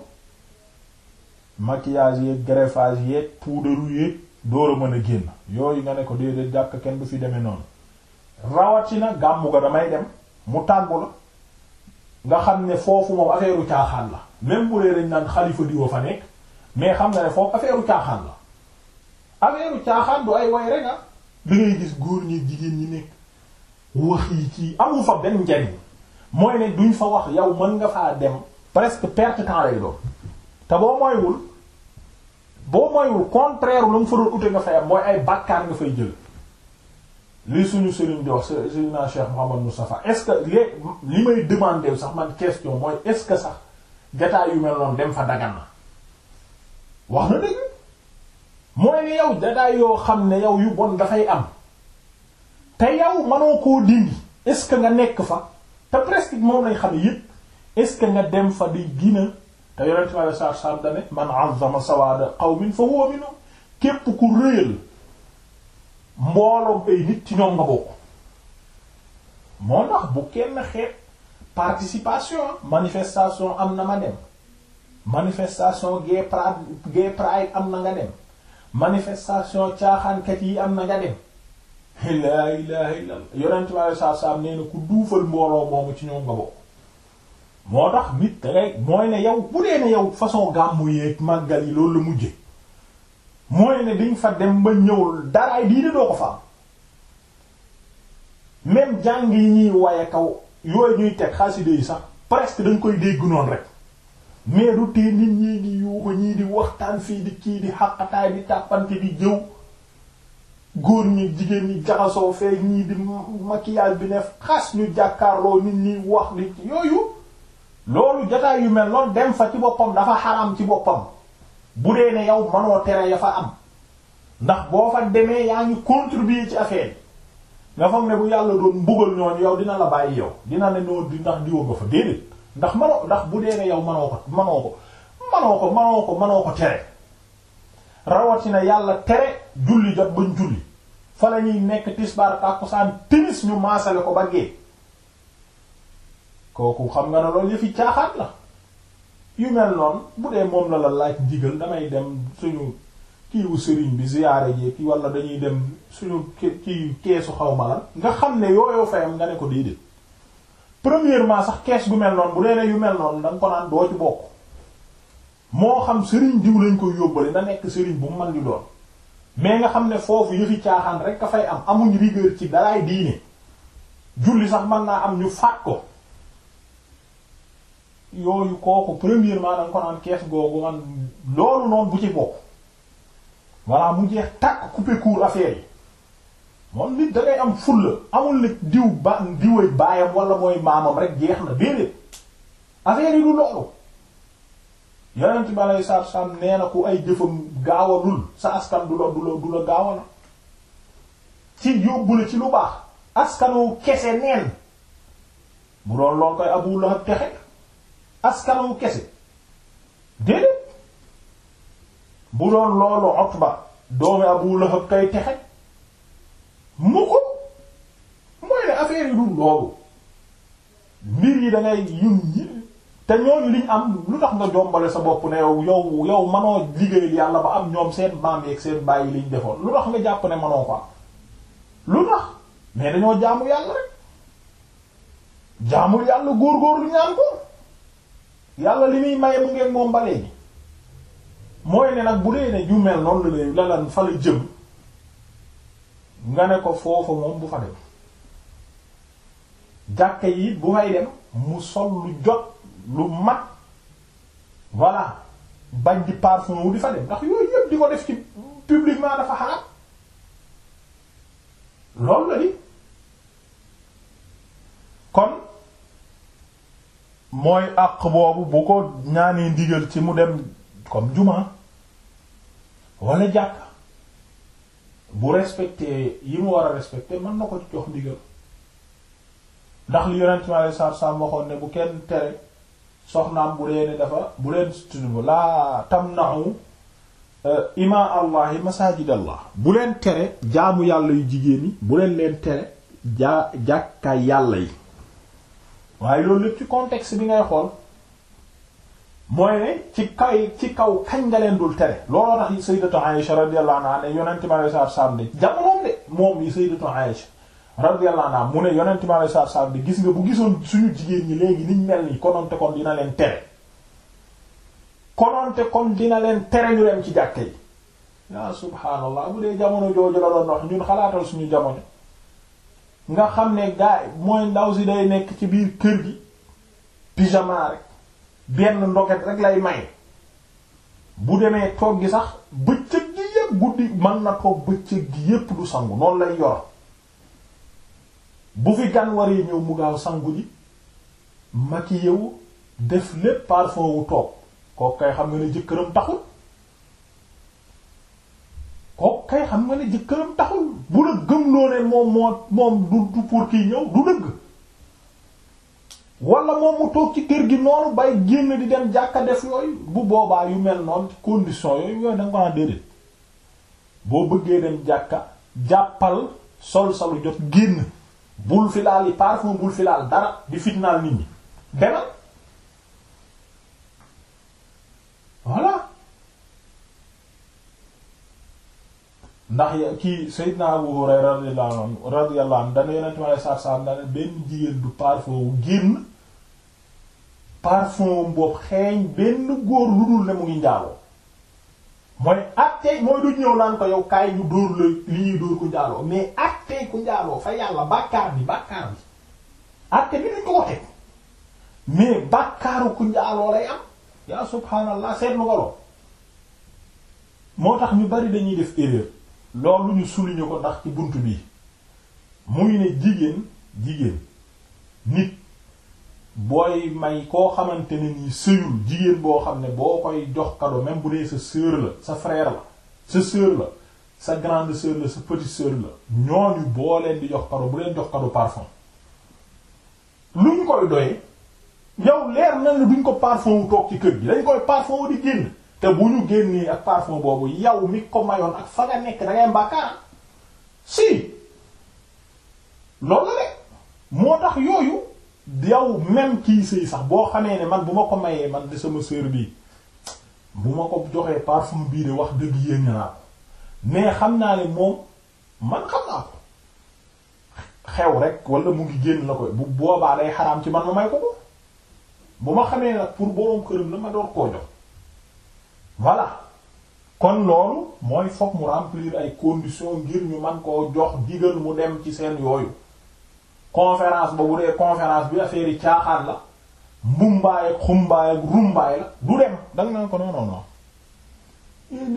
maquillage yeeg greffage yeeg poudre yeeg door a mën a génn yooyu nga ne ko déedéet jàkk kenn du fi demee noonu rawatina gàmmu ga damay dem mu tàggu la nga xam ne foofu moom affaire u caaxaan la même bu dee naan xalifa diwa fa nekk mais xam ne foofu affaire u caaxaan la affaire u caaxaan du ay way rek ah ngay gis góor ñi jigéen ñi nekk wax yi ci amul fa benn njariñ mooy ne duñ fa wax yow mën nga faa dem presque perte temps lay doon te boo moywul boo moywul contraire lu mu fa doon ute nga fay am mooy ay bàkkaar nga fay jël li suñu sëriñ di wax Seydina Cheikh Mouhamadou Moustapha est-ce que li may demander sax man question mooy est-ce que sax jataay yu mel noonu dem fa dagan na wax na dëgg mooy yow jataay yoo xam ne yow yu bon dafay am te yow mënoo koo dindi est-ce que nga nekk fa te presque moom lañ xam ne yëpp que nga dem fa di gina te yonent bi sallallahu alayhi wasallam dane man 'azzama sawaada qawmin fa huwa képp ku rëyal mbooloom ay nit ci ñoom nga bokk moo tax bu kenn xeet participation manifestation am na ma dem manifestation gay pride gay pride am na nga dem manifestation caaxaankat yi am na nga dem laa ilaha illa allah yonentu saa saa nee na ku duufal mbooloo moomu ci ñoom nga bokk moo tax nit dangay mooy ne yow bu dee ne façon gàmmu yeeg màggal yi loolu la mujje mooy ne diñ fa dem ba ñëwul daraay diine doo ko fa am même jàng yi ñuy waye kaw yooyu ñuy teg xasida yi sax presque dañ koy dégg noonu rek mais du tee nit ñi di yuuxu ñii di waxtaan fii di kii di xaqataay bi tàppante bi jëw góor ñi jigéen ñi jaxasoo fee ñii di maquillage bi neef xas ñu jàkkaarloo nit ñi wax di yooyu loolu jotaay yu mel noonu dem fa ci boppam dafa xaram ci boppam bu dee ne yow manoo tere ya fa am ndax boo fa demee yaa ngi contribuer ci affaire nga foog ne bu yàlla doon mbugal ñooñu yow dina la bàyyi yow dina ne ñoo di ndax diwa nga fa déedéet ndax manoo ndax bu dee ne yow manoo ko manoo ko manoo ko manoo ko manoo ko tere rawatina yàlla tere julli jot bañ julli fa la ñuy nekk tisbaar tàkkusaan timis ñu maasale ko ba gee kooku xam nga ne loolu yëfi caaxaat la yu mel noon bu dee moom la la laaj ndigal damay dem suñu kiiwu sëriñ bi ziyaare ji wala dañuy dem suñu kii keesu xaw ma nga xam ne yooyoo fayam nga ne ko déedéet premièrement sax kees gu mel noon bu dee ne yu mel noon da ko naan doo ci bokk moo xam sëriñ diw lañ koy yóbbale na nekk sëriñ bu man di doon mais nga xam ne foofu yëfi caaxaan rek ka fay am amuñ rigueur ci dalaay diine julli sax mën naa am ñu faat ko yooyu kooku premièrement da nga ko naan kees googu man loolu noonu bu ci bokk voilà mu jeex tàkk couper court affaire yi moom nit da am fulla amul nag diw ba diwee baayam wala mooy maamam rek jeex na déedéet affaire yi du loolu yonent bi aleyhi salaatu wa salaam ku ay jëfam gaawalul sa askan du la du la du la gaawal ci yóbbu la ci lu baax askanu kese neen bu doon lool koy Abu Lahab texe askanawu kese déedéet bu doon loolu Utba doomi Abu Lahab kay texe mu ko mooy ne affaire yi dul loolu mbir yi da ngay yun yi te ñooñu liñ am lu tax nga jombale sa bopp ne yow yow yow manoo liggéeyal yàlla ba am ñoom seen maam yeeg seen bàyyi liñ defoon lu tax nga jàpp ne manoo ko am lu tax mais dañoo jaamu yàlla rek jaamul yàlla góor-góor lu ñaan ko yàlla li muy maye mu ngeen moom ba léegi mooy ne nag bu dee ne ju mel la leen la lan fa la jëm nga ne ko foofa moom bu fa dem jàkka yi bu fay dem mu sol lu jot lu mat voilà bañ di parfum wu di fa dem ndax yooyu yëpp di ko def ci publiquement dafa xaar loolu la di kon mooy àq boobu bu ko ñaanee ndigal ci mu dem comme jumaa wala jàkk bu respecté yi mu war a respecté mën na ko jox ndigal ndax li yonent mi alayhi salaatu salaam waxoon ne bu bu dee ne dafa bu leen sutubu laa tamna'u eh, ima bu leen tere jaamu yàlla yu jigéen yi bu leen leen tere jaa jàkkaay yàlla yi waaye loolu lépp ci contexte bi ngay xool mooy ci kaw ci kaw kañ nga leen dul tere looloo tax sayyidatu Aïsha radiyallahu anha ne yonent mi alayhi salaatu salaam de jamonoom de moom yi sayyidatu Aïsha mu ne yonent mi alayhi salaatu salaam gis nga bu gisoon suñu jigéen ñi léegi niñ mel ni kononte kon dina leen tere kononte kon dina leen tere ñu dem ci jàkke yi yaa subhaanallah bu dee jamono jooju la doon wax ñun xalaatal suñu jamono nga xam ne gaay mooy ndaw si day nekk ci biir kër gi pyjama rek benn ndoket rek lay may bu demee toog gi sax bëccëg gi yépp guddi mën na toog bëccëg gi yépp du sangu noonu lay yor bu fi gan waree ñëw mu gaaw sangu ji maquillé wu def lépp parfum wu toog kooku kay xam nga ne jëkkëram taxul kooku kay xam nga ne jëkkëram taxul bu la gëmloo ne moom moom du pour kii ñëw du dëgg wala moom mu toog ci kër gi noonu bay génn di dem jàkka def yooyu bu boobaa yu mel noonu condition yooyu yooyu da ko naan déedéet boo bëggee dem jàkka jàppal sol salu jot génn bul fi laal yi parfum bul fi laal dara di fitnaal nit ñi demal ndax kii Seydina Abu Hurayra radiyallahu anhu radiyallahu anhu dana yonent mi alayhi salaatu salaam dana benn jigéen du parfum wu génn parfum boobu xeeñ benn góor lu dul ne mu ngi njaaloo mooy àttee mooy du ñëw naan ko yow kaay ñu dóor la li dóor ku njaaloo mais àttee ku njaaloo fa yàlla bàkkaar bi bàkkaar bi àtte bi dañ ko ko teg mais bàkkaaru ku njaaloo lay am yaa subhaanallah seetlu ko loo moo tax ñu bari dañuy def erreur loolu ñu souligner ko ndax ci bunt bi muy ne jigéen jigéen nit booy may koo xamante ne nii sëyul jigéen boo xam ne boo koy jox cadeau même bu dee sa sœur la sa frère la sa sœur la sa grande sœur la sa petite sœur la ñooñu boo leen di jox cadeau bu leen jox cadeau parfum lu ñu koy doyee yow leer na ne duñ ko parfum wu toog ci kër gi dañ koy parfum wu di génn te bu ñu génnee ak parfum boobu yow mi ko mayoon ak fa nga nekk da ngay mbàkkaar si loolu la rek moo tax yooyu yow même kii sëy sax boo xamee ne man bu ma ko mayee man di sama sœur bii bu ma ko joxee parfum bii de wax dëgg yéen naa mais xam naa ne moom man xam naa ko xew rek wala mu ngi génn la koy bu boobaa day xaraam ci man ma may ko ko bu ma xamee nag pour borom këram la ma door koo jox voilà kon loolu mooy fokk mu remplir ay conditions ngir ñu man koo jox digal mu dem ci seen yooyu conférence ba bu dee conférence bi affaire yi caaxaan la mbumbaay ak xumbaay ak rumbaay la du dem danga naan ko non non eh,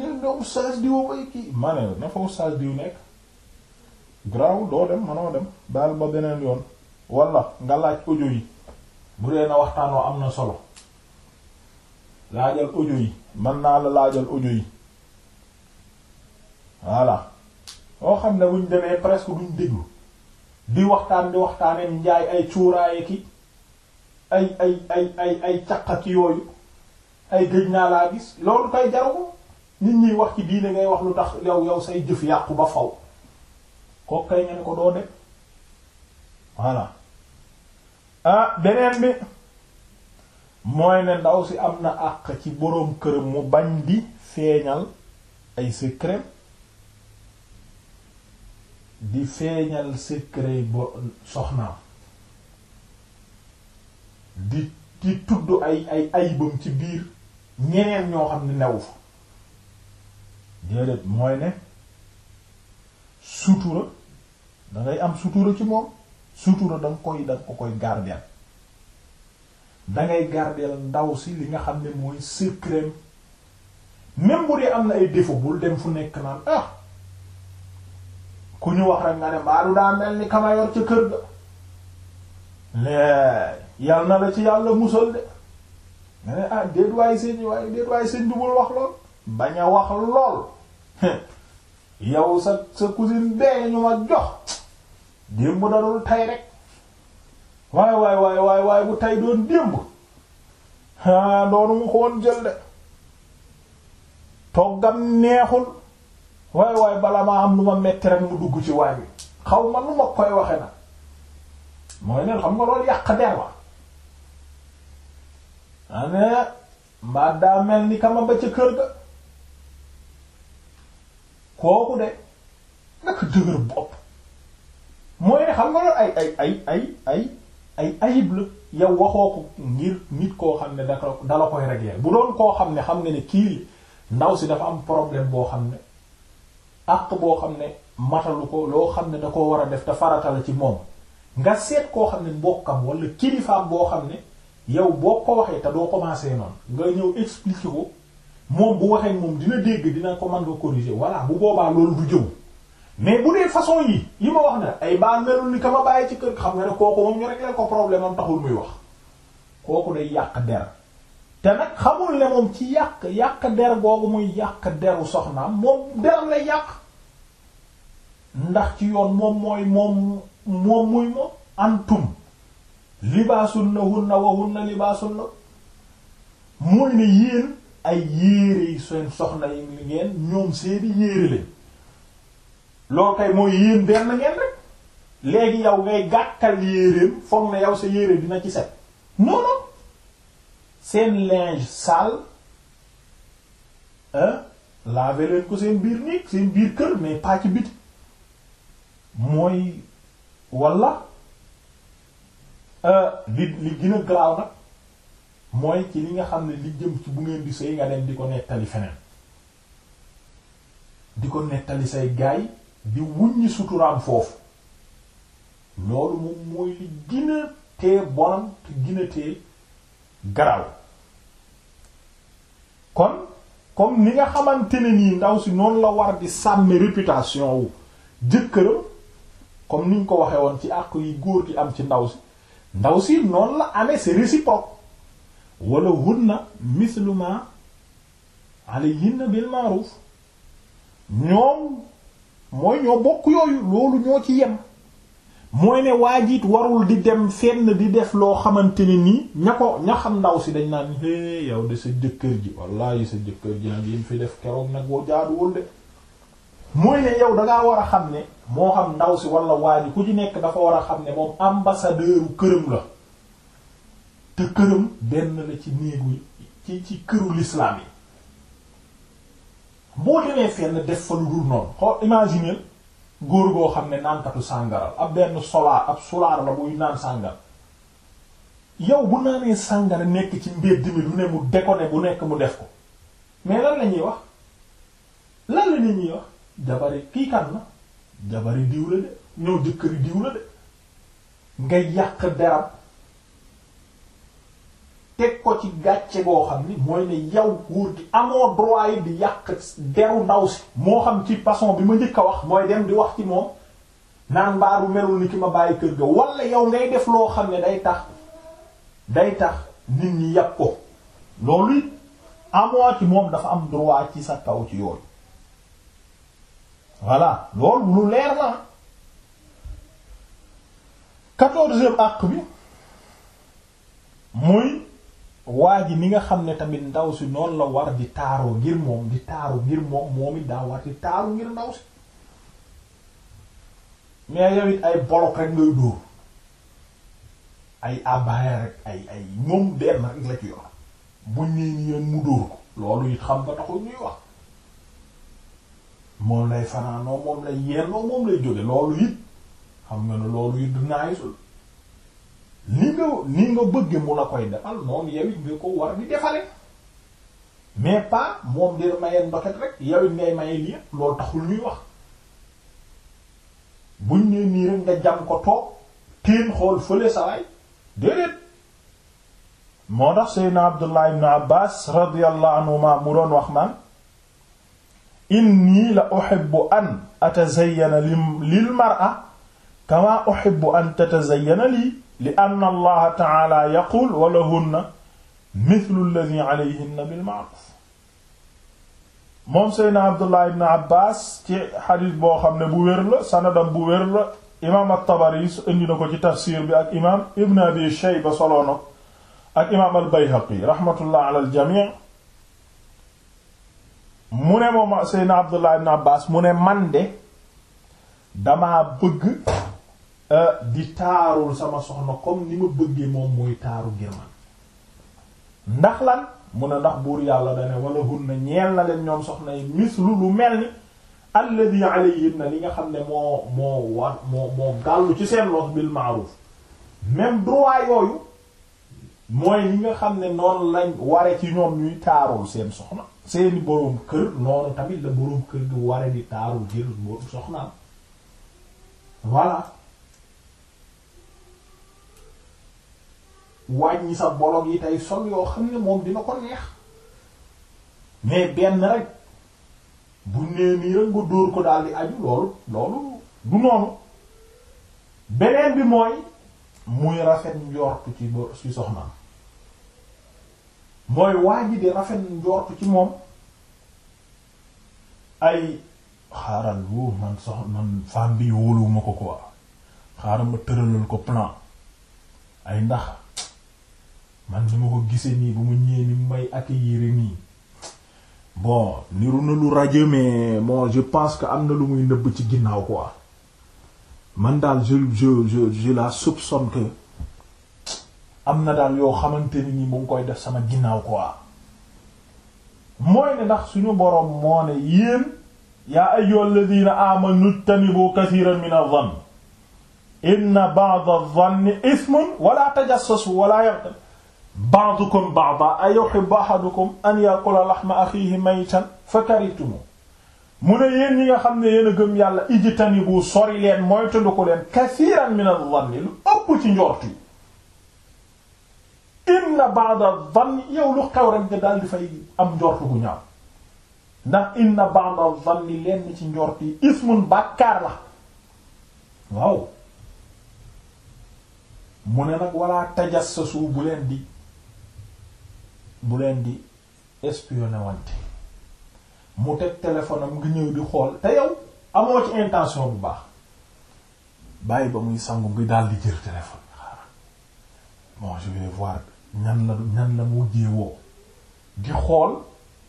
nekk graw doo dem manoo dem daal ba beneen yoon walla nga laaj audio yi bu dee na waxtaanoo am na solo laajal audio yi mën naa la laajal audio yi voilà boo xam ne buñ demee presque duñ déglu di waxtaan di waxtaaneen njaay ay cuuraaye ki ay ay ay ay ay caq ki yooyu ay gëj naa laa gis loolu koy jaru nit ñiy wax ci diine ngay wax lu tax yow yow say jëf yàqu ba faw kooku kay ngeen ko doo def voilà ah beneen bi mooy ne ndaw si am na àq ci boroom këram mu bañ di feeñal ay secret di feeñal secret bo soxnaam di di tudd ay ay ayibam ci biir ñeneen ñoo xam ne new fa déedéet mooy ne sutura da am sutura ci moom sutura da nga koy da koy garder dangay gardeel ndaw si li nga xam ne mooy secret même bu am na ay défaut bul dem fu nekk naan ah ku ñu wax rek nga ne baalu daa mel ni kama yor ca kër ga laay yal na la ci yàlla musal de nga ne ah déet waaye sëñ waaye déet waaye sëñ bi bul wax lool bañ a wax lool <laughs> yow sa sa cousine bee ñu ma jox démb darul tay rek waay waay waay waay waay bu tey doon démb ah doonu mu xoon jël de toggam neexul waay waay bala ma am lu ma metti rek mu dugg ci waañ wi xaw ma nu ma koy waxe nag mooy ne xam nga loolu yàq der la ah, maa daa mel ni kama ba ca kër ga kooku de naka dëgër bopp mooy ne xam nga loolu ay ay ay ay ay ayib la yow waxoo ko ngir nit koo xam ne daka dala koy régler bu doon koo xam ne xam nga ne kii ndaw si dafa am problème boo xam ne àq boo xam ne matalu ko loo xam ne da ko war a def te faratal la ci moom nga seet koo xam ne mbokkam wala kilifaam boo xam ne yow boo ko waxee te doo commencé noonu nga ñëw expliquer ko moom bu waxee moom dina dégg dina ko mën nga corriger voilà bu boobaa loolu du jëw mais bu dee façon yi yi ma wax ne ay baa melul ni ka ma ci kër xam nga ne kooku moom ñu réglé ko problème am taxul muy wax kooku day yàq der te nag xamul ne ci yàq yàq der googu muy yàq deru soxnaam moom der la yàq ndax ci yoon moom mooy moom moom muy moom antum libaasun lahunna wa hunna libaasun la mooy ne yéen ay yéere yi seen soxna yi ngeen ñoom seeni yéere lañ loolu kay mooy yéen benn ngeen rek léegi yow ngay gàkkal yéreem foog na yow sa yére dina ci set non seen linge sale ah laver leen ko seen biir néeg seen biir kër mais pas ci biti mooy wala euh, li li gën a garaaw nag mooy ci li nga xam ne li jëm ci bu ngeen di sëy nga dem di ko nettali feneen di ko nettali say gaay di wuññi suturaam foofu loolu moom mooy li gina tee bonam garaw kon comme ni nga xamante ne nii ndaw si noonu la war di sàmme réputation wu jëkkëram comme niñ ko waxee woon ci àq yi góor gi am ci ndaw si ndaw si noonu la amee c'est réciproque wala hunna misluma bil ma'ruf ñoom mooy ñoo bokk yooyu loolu ñoo ci yem mooy ne waa jiit warul di dem fenn di def loo xamante ni nii ña ko ña xam ndaw si dañ naan é yow de sa jëkkër ji wallahi sa jëkkër ji nag yim fi def keroog nag boo jaaduwul de mooy ne yow dangaa war a xam ne moo xam ndaw si wala waa ji ku ci nekk dafa war a xam ne moom ambassadeuru këram la te këram benn la ci néegu ci ci këru l'islam yi boo demee fenn def fa lu dul noonu xoo imaginer góor goo xam ne naankatu sàngaral ab benn solaar ab solaar la muy naan sàngar yow bu naanee sàngara nekk ci mbedd mi lu ne mu déconné bu nekk mu def ko mais lan la ñuy wax lan la nit ñuy wax jabari kii kan la jabari diw la de ñëw jëkkëri diw la de nga yàq deram teg ko ci gàcce goo xam ni mooy ne yow góor gi amoo droit yi di yàq dew ndaw si moo xam ci façon bi ma njëkk a wax mooy dem di wax ci moom naan mbaaru melul ni ki ma bàyyi kër ga wala yow ngay def loo xam ne day tax day tax nit ñi yàpp ko loolu amoo ci moom dafa am droit ci sa kaw ci yooyu voilà loolu lu leer la quatorzième acte bi muy waa ji ni nga xam ne tamit ndaw si noonu la war di taaroo ngir moom di taaru ngir moom moom it daa war di taaru ngir ndaw si mais yow it ay bolok rek ngay dóor ay abaya rek ay ay moom benn rek la ci yor buñ nee nii rek mu dóor ko loolu it xam nga taxul ñuy wax moom lay fanaanoo moom lay yennoo moom lay jóge loolu it xam nga ne loolu it du naayisul ni nga ni nga bëgge mu la koy defal moom yawit nga ko war di defale mais pas moom di mayeen ndoxet rek yawit ngay maye lii loolu taxul ñuy wax buñ ne nii rek nga jam ko toog teen xool fële sawaay déedéet moo tax seydna abdullah ibn abbas radiyallahu anhuma mu doon wax man inni la uhibbu an atazayyana lil mar'a kama uhibbu an tatazayyana lii li anna allaha taala yaqul wa lahunna mithlu alladhi alayhinna bil ma'ruf moom seydna abdullah ibn abbas ci xadis boo xam ne bu wér la sanadam bu wér la imaam at-Tabari indi na ko ci tafsir bi ak imaam ibn abi shayba soloono ak imaam al-Bayhaqi rahmatullah ala al-jami' mu ne moom seydna abdullah ibn abbas mu ne man de damaa bëgg Euh, di taarul sama soxna comme ni ma bëggee moom muy taaru ngir ndax lan mu ne ndax buur yàlla dane wala hunna ñeel na leen ñoom soxna yi mislu lu mel ni alladhi alayhinna li nga xam ne moo moo war moo moo gàllu ci seen loos bil ma'ruf même droit yooyu mooy li nga xam ne noonu lañ ware ci ñoom ñuy taarul seen soxna seeni boroom kër noonu tamit la boroom kër gi ware di taarul ngir boroom soxnaam wàññi sa bolog yi tey sol yoo xam ne moom dina ko neex mais benn rek bu nee nii rek nga dóor ko daal di aju loolu loolu du noonu beneen bi mooy muy rafet njortu ci ci soxnaam mooy waa ji di rafet njortu ci moom ay xaaral woo man sox man femme bi wóoluwuma ko quoi xaaral ma tëralal ko plan ay ndax man ni ma ko gisee nii ba mu ñëwee ni may accueillir nii bon niru na lu rajo mais je pense que am na lu muy nëbb ci ginnaaw quoi man daal na daal yoo xamante ni nii mu ngi koy def sama ginnaaw quoi mooy ne ndax suñu boroom moo ne yéen yaa ayyuhal ladina amanu tanibu kathiran min adh-dhann inna ba'da adh-dhanni ithmun wala tajassasu wala yaqtab ba'dukum ba'dan ayuhibbu ahadukum an ya'kula lahma akhihi maytan fakarihtumu mu ne yéen ñi nga xam ne yéen a gëm yàlla ijtanibu sori leen moytandiku leen kathiran min adh-dhanni lu ëpp ci njort yi inna ba'da adh-dhanni yow lu xew rek nga daal di fay am njort gu ñaaw ndax inna ba'da adh-dhanni leen ci njort yi ismun bàkkaar la waaw mu ne nag wala tajassasu bu leen di bu leen di espionné wante mu teg téléphone am nga ñëw di xool te yow amoo ci intention bu baax bàyyi ba muy sangu nga daal di jël téléphone xaaral bon je voir ñan la ñan la mu jéewoo di xool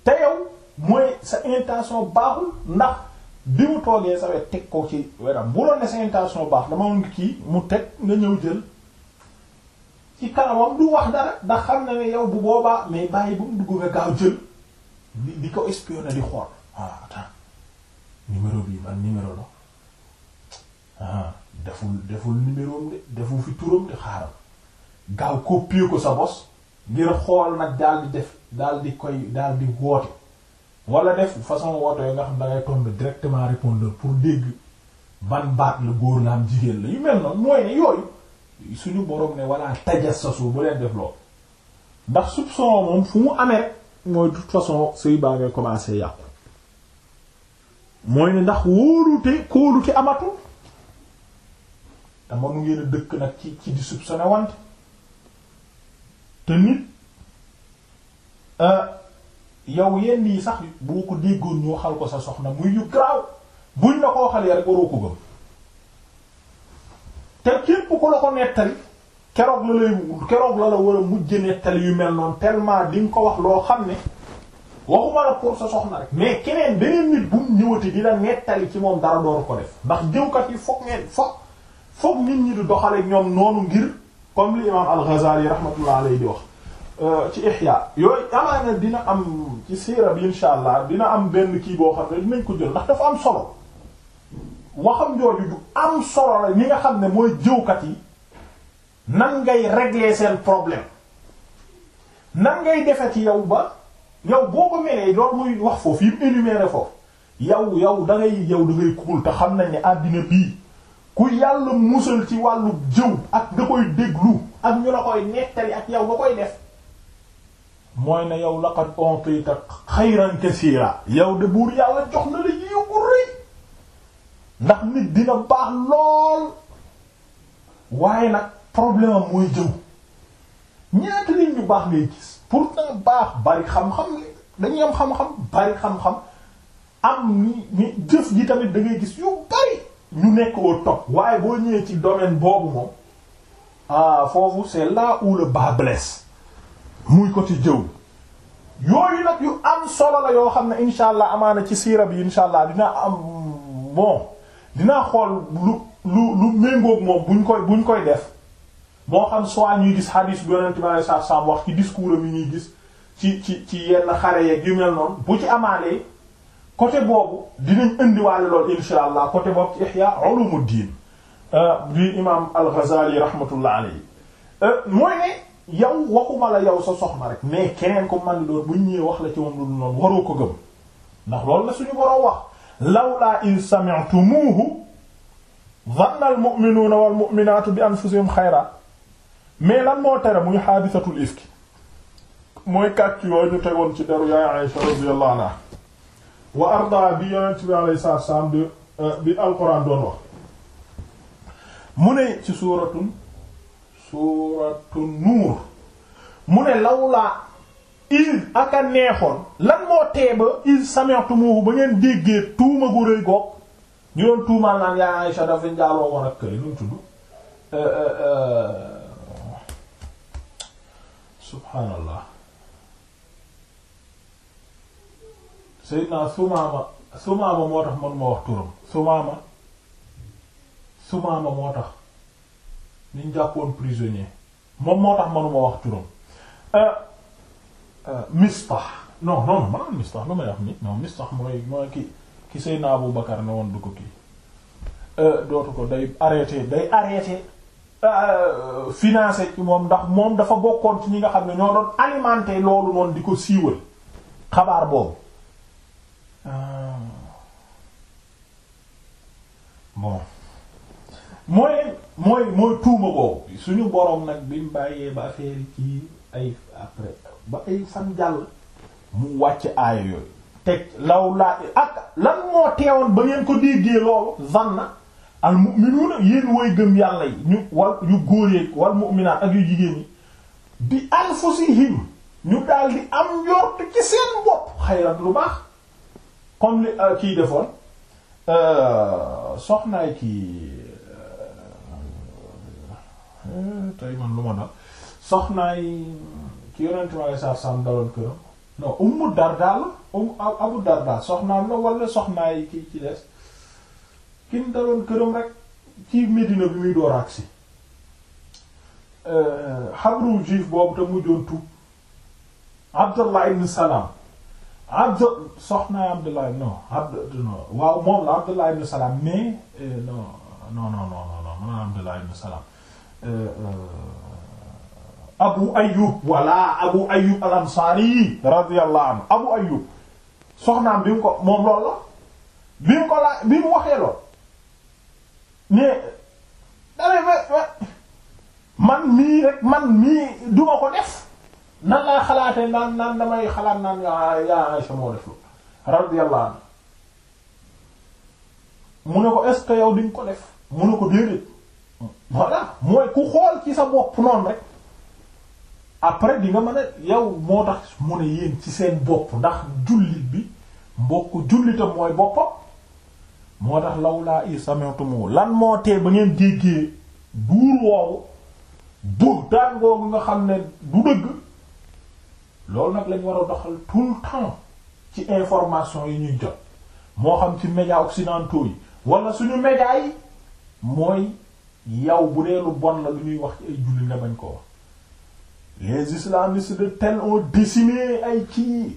te yow mooy sa intention baaxul ndax bi mu toogee sa teg ko ci wetam bu doon ne sa intention baax dama woon kii mu teg nga ñëw jël. ci kanamam lu wax dara ndax xam na ne yow bu boobaa mais bàyyi bu mu dugg nga gaaw jël di li ko espionner di xool ah attends numéro bi ban numéro la ah deful deful numéro am de deful fi turam di xaaral gaaw copier ko sa bos ngir xool nag daal di def daal di koy daal di woote walla def façon woote nga xam da ngay directement répondeur pour dégg ban baat la góor la am jigéen la yu mel noonu mooy ne yooyu. suñu borom ne wala tajassasu bu leen def lool ndax soupçon moom fu mu amee rek mooy de toute façon sëy baa ngay commencer yàqu mooy ne ndax wóolute kóolute amatul dama nu ngeen dëkk nag ci ci di soupçonné wante te nit euh, yow yenn yi sax boo ko déggoon ñu xal ko sa soxna muy yu bu buñ la ko waxal rek waroo ko gëm te képp ko la ko nettali keroog la lay keroog la la war a mujj nettali yu mel noonu tellement di nga ko wax loo xam ne waxuma la pour sa soxna rek mais keneen beneen nit bu mu ñëwati di nettali ci moom dara dooru ko def ndax jëwkat yi foog ngeen foog foog nit ñi di doxale ñoom noonu ngir comme li imam al-Ghazali rahmatullah di wax euh, ci Ihya yooyu amaana dina am ci siira bi insha allah dina am benn kii boo xam ne dinañ ko jël ndax dafa am solo waxam jooju ju am solo la ñi nga xam ne mooy jëwkat yi nan ngay régler seen problème nan ngay defe ci yow ba yow boo ko melee loolu muy wax foofu yi mu énuméré foofu yow yow dangay ngay yow da te xam nañ ne àddina bii ku yàlla musal ci wàllu jëw ak nga koy déglu ak ñu la koy nettali ak yow nga koy def mooy ne yow laqad untita xayran kasiira yow de buur yàlla jox na la yiw bu rëy ndax nit dina baax lool waaye nag problème am mooy jëw ñaata nit ñu baax ngay gis pourtant baax bari xam-xam dañuy am xam-xam bari xam-xam am ni jëf yi tamit da ngay gis yu bari ñu nekk au top waaye boo ñëwee ci domaine boobu moom ah foofu c'est là où le bas muy ko ci jëw yooyu nag yu am solo la yoo xam ne incha allah amaana ci siira yi incha allah dina am bon dinaa xool lu lu lu méngoog moom buñ koy buñ koy def moo xam soit ñuy gis hadis bu yonent bi alayhi salaam wax ci discours am ñuy gis ci ci ci yenn xare yeeg yu mel noonu bu ci amaalee côté boobu dinañ indiwaale lool insha allah côté boobu ci Ihya Ulumuddin bi euh, imam al-Ghazali rahmatullah alayhi euh, mooy ne yow waxuma la yow sa soxna rek mais keneen ko man loolu buñ ñëwee wax la ci moom lu noonu waroo ko gëm ndax loolu la suñu waroo wax lawlaa in sami'tumuuhu dhanna al-mu'minuuna wal-mu'minaatu bi anfusihim xayra mais lan moo tere muy xaadisatul ifki mooy kàcc yooyu ñu tegoon ci deru yaay Aysa radiyallahu anha wa ardaa bi yonent bi alayhi salaatu wa salaam bi euh, bi alquran doon wax mu ne ci suuratun suuratun nuur mu ne lawlaa il aka neexoon lan moo tee ba il samertumohu ba ngeen déggee tuuma gu rëy goog ñu doon tuumaal naan yaa Aïcha dafa njaaloo woon ak kële numu tudd euh, euh, euh, subhaanallah Seydina Sumaama Sumaama moo tax mënuma wax turam Sumaama Sumaama moo tax niñ jàppoon prisonnier moom moo tax mënuma wax turam Euh, Mistah non non ma naan Mistah lu may wax ni non Mistah mooy mooy ki ki Seydina Abu Bakar ne woon du ko kii euh, dootu ko day arrêté day arrêté euh, financé ci moom ndax moom dafa bokkoon ci ñi nga xam ne ñoo doon loolu noonu di ko siiwal xabaar boobu bon suñu boroom nag bi mu bàyyee ba affaire yi ay après ba ay sam jàll mu wàcc aaya yooyu teg law laa ak lan moo teewoon ba ngeen ko déggee loolu zanna al mu'minuuna yéen woy gëm yàlla yi ñu wal yu góoree wal mu'minaat ak yu jigéen yi bi anfusihim ñu daal di am njort ci seen bopp xayrat lu baax comme li euh, kii defoon euh, soxnaay kii euh, tey man lu ma na soxnaay ki yonentu Yàlla saaf saam daloon këram non Ummu Darda la um Abu Darda soxnaam la wala soxnaa yi ci des ki daloon këram rek ci Medina bi muy door agsi xabru euh, juif boobu te mujjoon tuub Abdallah ibn Salam abd soxnaa Abdallah non abd non waaw moom la Abdallah ibn Salam mais euh, non non non non non non Abdallah ibn Salam euh, abu ayyub walla abu ayyub al ansari radiyallahu anhu abu ayyub soxnaam bi mu ko moom loolu la bi mu ko laa bi mu waxee lool ne dale man mii rek man mii duma ko def nan laa xalaatee naan naan damay xalaat naan yaa Aisha moo def lu radiyallahu anhu mu ne ko est-ce que yow diñ ko def mu ne ko déedéet voilà mooy ku xool ci sa bopp noonu rek après di nga mën a yow moo tax mu ne yéen ci seen bopp ndax jullit bi mbokk jullitam mooy boppa moo tax lawlaa i sametumo lan moo tee ba ngeen déggee duur woow buur daan nga xam ne du dëgg loolu nag lañ war a doxal tout le temps ci information yi ñuy jot moo xam ci médias occidentaux yi wala suñu médias yi mooy yow bu dee lu bon la lu ñuy wax ci ay julli nga bañ ko wax les islamistes de tel ont décimé ay ci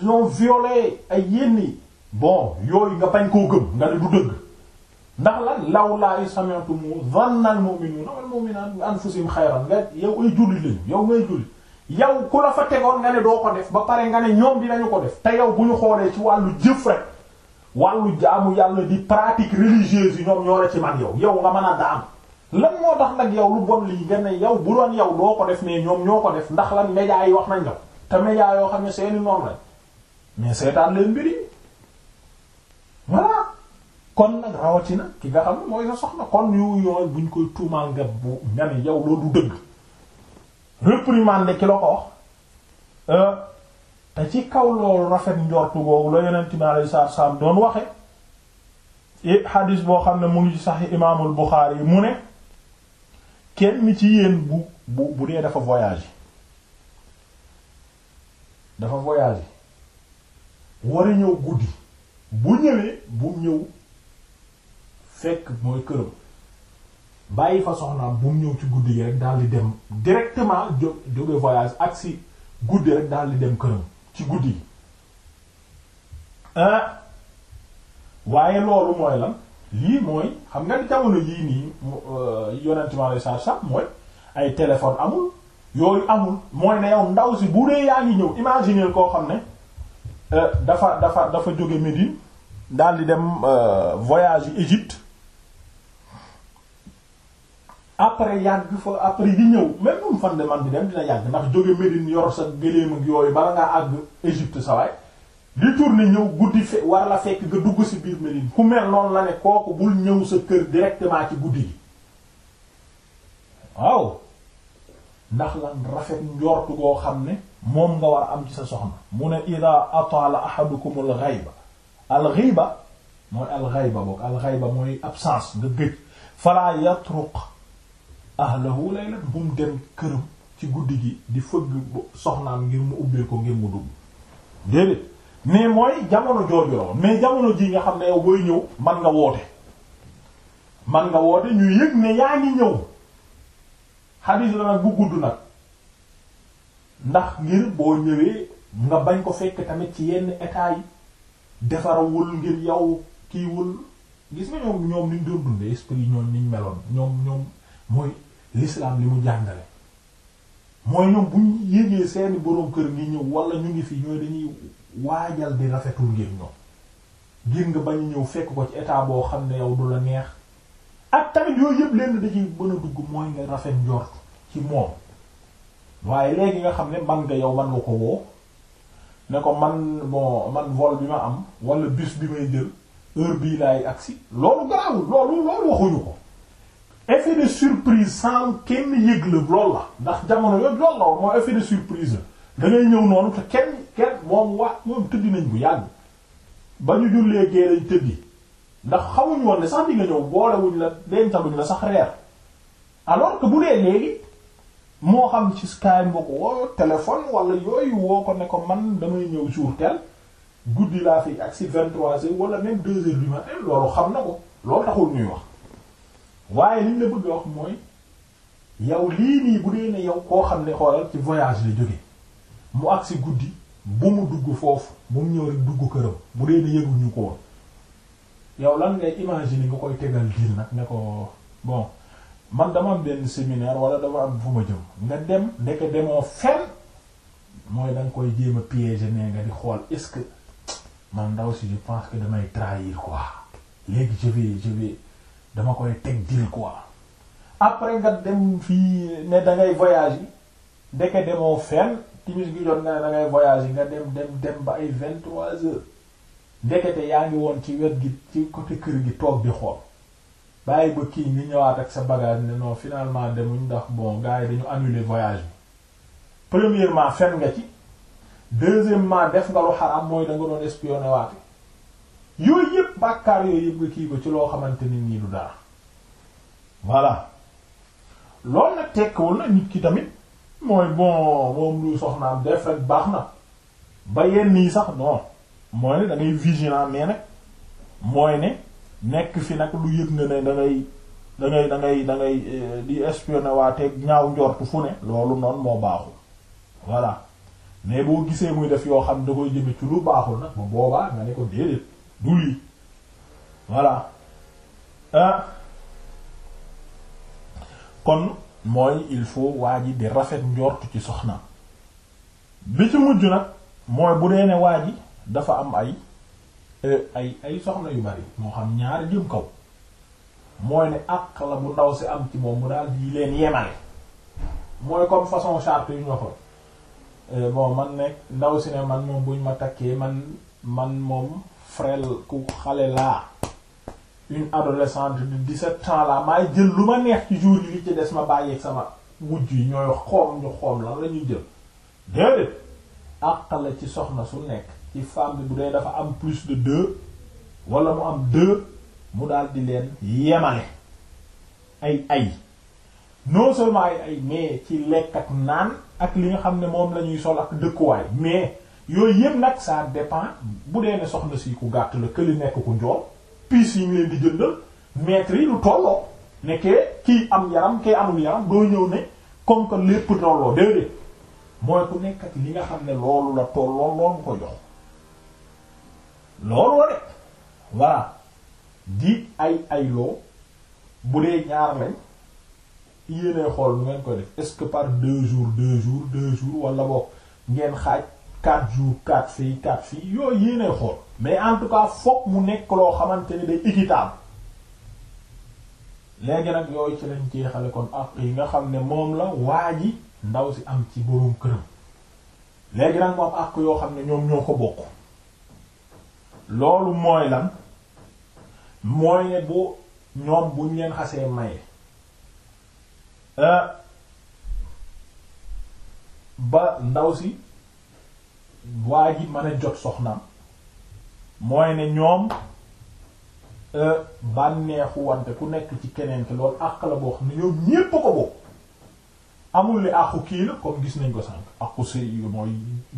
ils ont ay yenni bon yooyu nga bañ koo gëm nga ne du dëgg ndax la law laa sami'tumu dhanna al-mu'minuna wal mu'minat bi anfusihim khayran nga yow ay jullit lañu yow ngay jullit yow ku la fa tegoon nga ne doo ko def ba pare nga ne ñoom dinañu ko def te yow bu ñu xoolee ci wàllu jëf rek wàllu jaamu yàlla di pratique religieuse yi ñoom ñoo la ci man yow yow nga mën a daam lan moo tax nag yow lu bon lii gën a yow bu doon yow doo ko def mais ñoom ñoo ko def ndax lan médias yi wax nañ la te médias yoo xam ne seeni noonu lañ mais seetaan leen mbir yi voilà kon nag rawatina ki nga xam ne mooy kon yu yooyu buñ koy tuumaal nga bu nga ne yow loolu du dëgg réprimander ki la ko wax euh, te ci kaw loolu rafet njortu boobu la yonent bi alayhi salaatu salaam doon waxe xadiis boo xam ne mu ngi ci Sahih Imaamul Buxaari mu ne kenn mi ci yéen bu bu bu dee dafa voyage dafa voyage war a ñëw guddi bu ñëwee bu ñëw fekk mooy këram bàyyi fa soxnaam bu ñëw ci guddi gi rek daal di dem directement jó jóge voyage ak si guddi rek daal di dem këram ci guddi gi ah! waaye loolu mooy lan lii mooy xam nga jamono yii nii euh, yonent mi alayhi salaatu mooy ay téléphone amul yooyu amul mooy ne yow ndaw si bu dee yaa ngi ñëw imaginer koo xam ne euh, dafa dafa dafa jóge Médine daal di dem euh, voyage yu Égypte après yàgg fa après di ñëw même moom fan de man di dem dina yàgg ndax jóge Médine yor sa gëléem yooyu bala ngaa àgg Égypte sa di tourner ñëw guddi fe war la fekk nga dugg ci biir Médine ku mel noonu la ne kooku bul ñëw sa kër directement ci guddi gi waaw ndax lan rafet njortu goo xam ne moom nga war am ci sa soxna mu ne ida ataala ahadukum al al ghayba mooy al ghayba boog al ghayba mooy absence nga gëj fala yatruq ahlahu laylan bu mu dem këram ci guddi gi di fëgg soxnaam ngir mu ubbee ko ngir mu dugg déedéet mais mooy jamono jooju la mais jamono jii nga xam ne yow booy ñëw man nga woote man nga woote ñu yëg ne yaa ngi ñëw xadiis la nag bu gudd nag ndax ngir boo ñëwee nga bañ ko fekk tamit ci yenn état yi defarawul ngir yow kiiwul gis nga ñoom ñoom niñ doon dundee esprit yi niñ meloon ñoom ñoom mooy l'islam li mu jàngale mooy ñoom bu ñu yégee seeni boroom kër ngi ñëw wala ñu ngi fii ñooy dañuy waajal di rafetul ngir ñoom ngir nga bañ ñëw fekk ko ci état boo xam ne yow du la neex ak tamit yooyu yëpp lenn da ci mën a dugg mooy nga rafet njort ci moom waaye léegi nga xam ne man nga yow man nga ko woo ne ko man bon man vol bi ma am wala bus bi may jël heure bii laay agsi loolu garaawul loolu loolu waxuñu ko effet de surprise sans kenn yëg la lool la ndax jamono yooyu lool la mooy effet de surprise da ñëw noonu te kenn kenn moom wax moom tëddi nañ bu yàgg ba ñu jullee gee lañ tëddi ndax xamuñ woon ne sax di nga ñëw boolewuñ la dencaluñ la sax reer alors que bu dee léegi moo xam ci Skype boo ko woo téléphone wala yooyu woo ko ne ko man damay ñëw jour tel guddi laa fi ak si vingt-trois heures wala même deux heures loolu xam na ko loolu taxul ñuy wax waaye liñ la bëgg a wax mooy yow lii nii bu dee ne yow koo xam ne xoolal ci voyage la jóge mu agsi guddi bu mu dugg foofu bu mu ñëw rek dugg këram bu dee yëguñu ko yow lan ngay imaginer nga koy tegal diir nag ne ko bon man dama am benn séminaire wala dama am fu ma jëm nga dem ndeke demoo fenn mooy da nga koy jéem a piéger ne nga di xool est-ce que man ndaw si je pense que damay trahir quoi léegi je vais dama koy teg diir quoi après nga dem fii ne da ngay yi ndeke demoo fenn. timis gi jot nga ne da ngay voyage nga dem dem dem ba ay vingt trois heures ndekete yaa ngi woon ci wet gi ci côté kër gi toog di xool bàyyi ba kii ngi ñëwaat ak sa bagage ne non finalement demuñ ndax bon gars yi dañu annuler voyage bi premièrement fen nga ci deuxièmement def nga lu xaraam mooy da nga doon espionné waate yooyu yëpp bàkkaar yooyu yëpp nga kii ko ci loo xamante nit ñi du dara voilà loolu nag tekkiwul na nit ki tamit mooy bon moom lu soxnaam def rek baax na ba yenn yi sax non mooy ne da ngay vigilant mais nag mooy ne nekk fi nag lu yëg nga ne da ngay da ngay da ngay da ngay eh, ñaaw njortu fu ne loolu noonu moo baaxul voilà mais boo gisee muy def yoo xam da koy jëme ci lu baaxul nag ba boobaa nga ne ko déedéet du lii voilà ah kon mooy il faut waa ji di rafet njort ci soxna bi ci mujj nag mooy bu dee ne waa ji dafa am ay eh, ay ay soxna yu bari moo xam ñaari jëm kaw mooy ne àq la bu ndaw si am ci moom mu daal di leen yemale mooy comme façon charte yu ñu waxoon eh, bon man ne ndaw si ne man moom buñ ma takkee man man moom frel ku xale laa une adolescente de 17 ans la maay jël lu ma neex ci jour yi ci des ma bàyyeeg sama wujj yi ñooy xoom ñu xoom la ñuy jël déedéet àq la ci soxna su nekk ci femme bu dee dafa am plus de deux wala mu am deux mu daal di leen yemale ay ay non seulement ay ay mais ci lekk ak naan ak li nga xam ne moom lañuy ñuy sol ak dëkkuwaay mais yooyu yëpp nag ça dépend bu dee ne soxna si gàtt la këli nekk ku njool piis yi ñu leen di jëndal mètres lu tolloo ne kee kii am yaram kee amul yaram doo ñëw ne comme que lépp tolloo déedéet mooy ku nekk li nga xam ne loolu la tolloo loolu ko jox loolu la de voilà di ay ay bu dee ñaar lañ yéenee xool nu ngeen koy def est-ce que par deux jours deux jours deux jours wala boo ngeen xaaj quatre jours quatre filles quatre filles yooyu yéenay xool mais en tout cas fokk mu nekk loo xamante ni day équitable léegi nag yooyu ci lañ jeexale kon ak yi nga xam ne moom la waa ji ndaw si am ci boroom këram léegi nag moom ak yoo xam ne ñoom ñoo ko bokk loolu mooy lan mooy ne bu ñoom buñ leen xasee maye euh, ba ndaw si waa ji mën a jot soxnaam mooy ne ñoom euh, bànneexu wante ku nekk ci keneen ki loolu àq la boo xam ne ñoom ñépp ko bokk amul ne àqu kii la comme gis nañ ko sànq àqu sëy mooy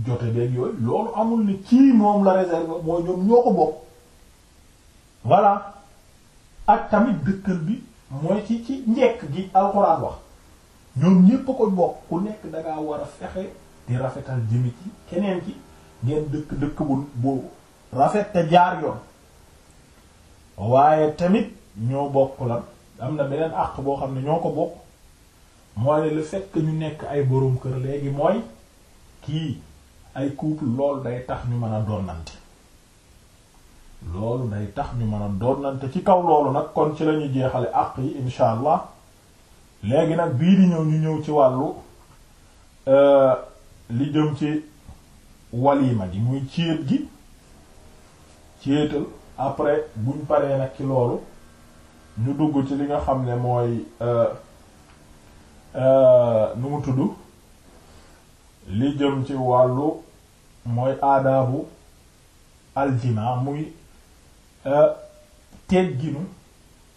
jote beeg yooyu loolu amul ne kii moom la réserve mooy ñoom ñoo ko bokk voilà ak tamit dëkkal bi mooy ci ci njekk gi alxuraan wax ñoom ñépp ko bokk ku nekk dangaa war a fexe di rafetal jëmi ci keneen ki ngeen dëkk dëkk bu boobu rafet te jaar yoon waaye tamit ñoo bokk lan am na beneen àq boo xam ne ñoo ko bokk mooy le fait ñu nekk ay boroom kër léegi mooy kii ay couple loolu day tax ñu mën a donnante loolu day tax ñu mën a donnante ci kaw loolu nag kon ci lañuy jeexale àq yi insha allah léegi nag bii di ñëw ñu ñëw ci wàllu euh, li jëm ci walima ji muy céet gi céetal après buñ paree nag ci loolu ñu dugg ci li nga xam ne mooy euh, euh, nu mu tudd li jëm ci wàllu mooy aadaabu aljima muy euh, tegginu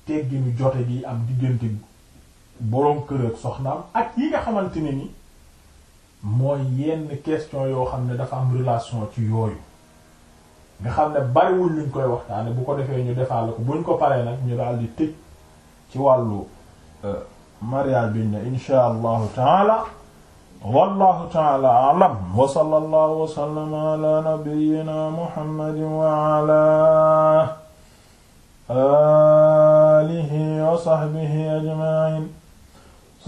tegginu jote gi am diggante boroom kër ak soxnaam ak yi nga xamante nii mooy yenn question yoo xam ne dafa am relation ci yooyu nga xam ne bariwul luñ koy waxtaane bu ko defee ñu defaale ko buñ ko paree nag ñu daal di tëj ci wàllu euh, mariage biñ ne insha allahu taala wallahu taala alam wa sallallahu wa sallama ala nabiyyina muhammadin wa ala wa sahbihi ajma'in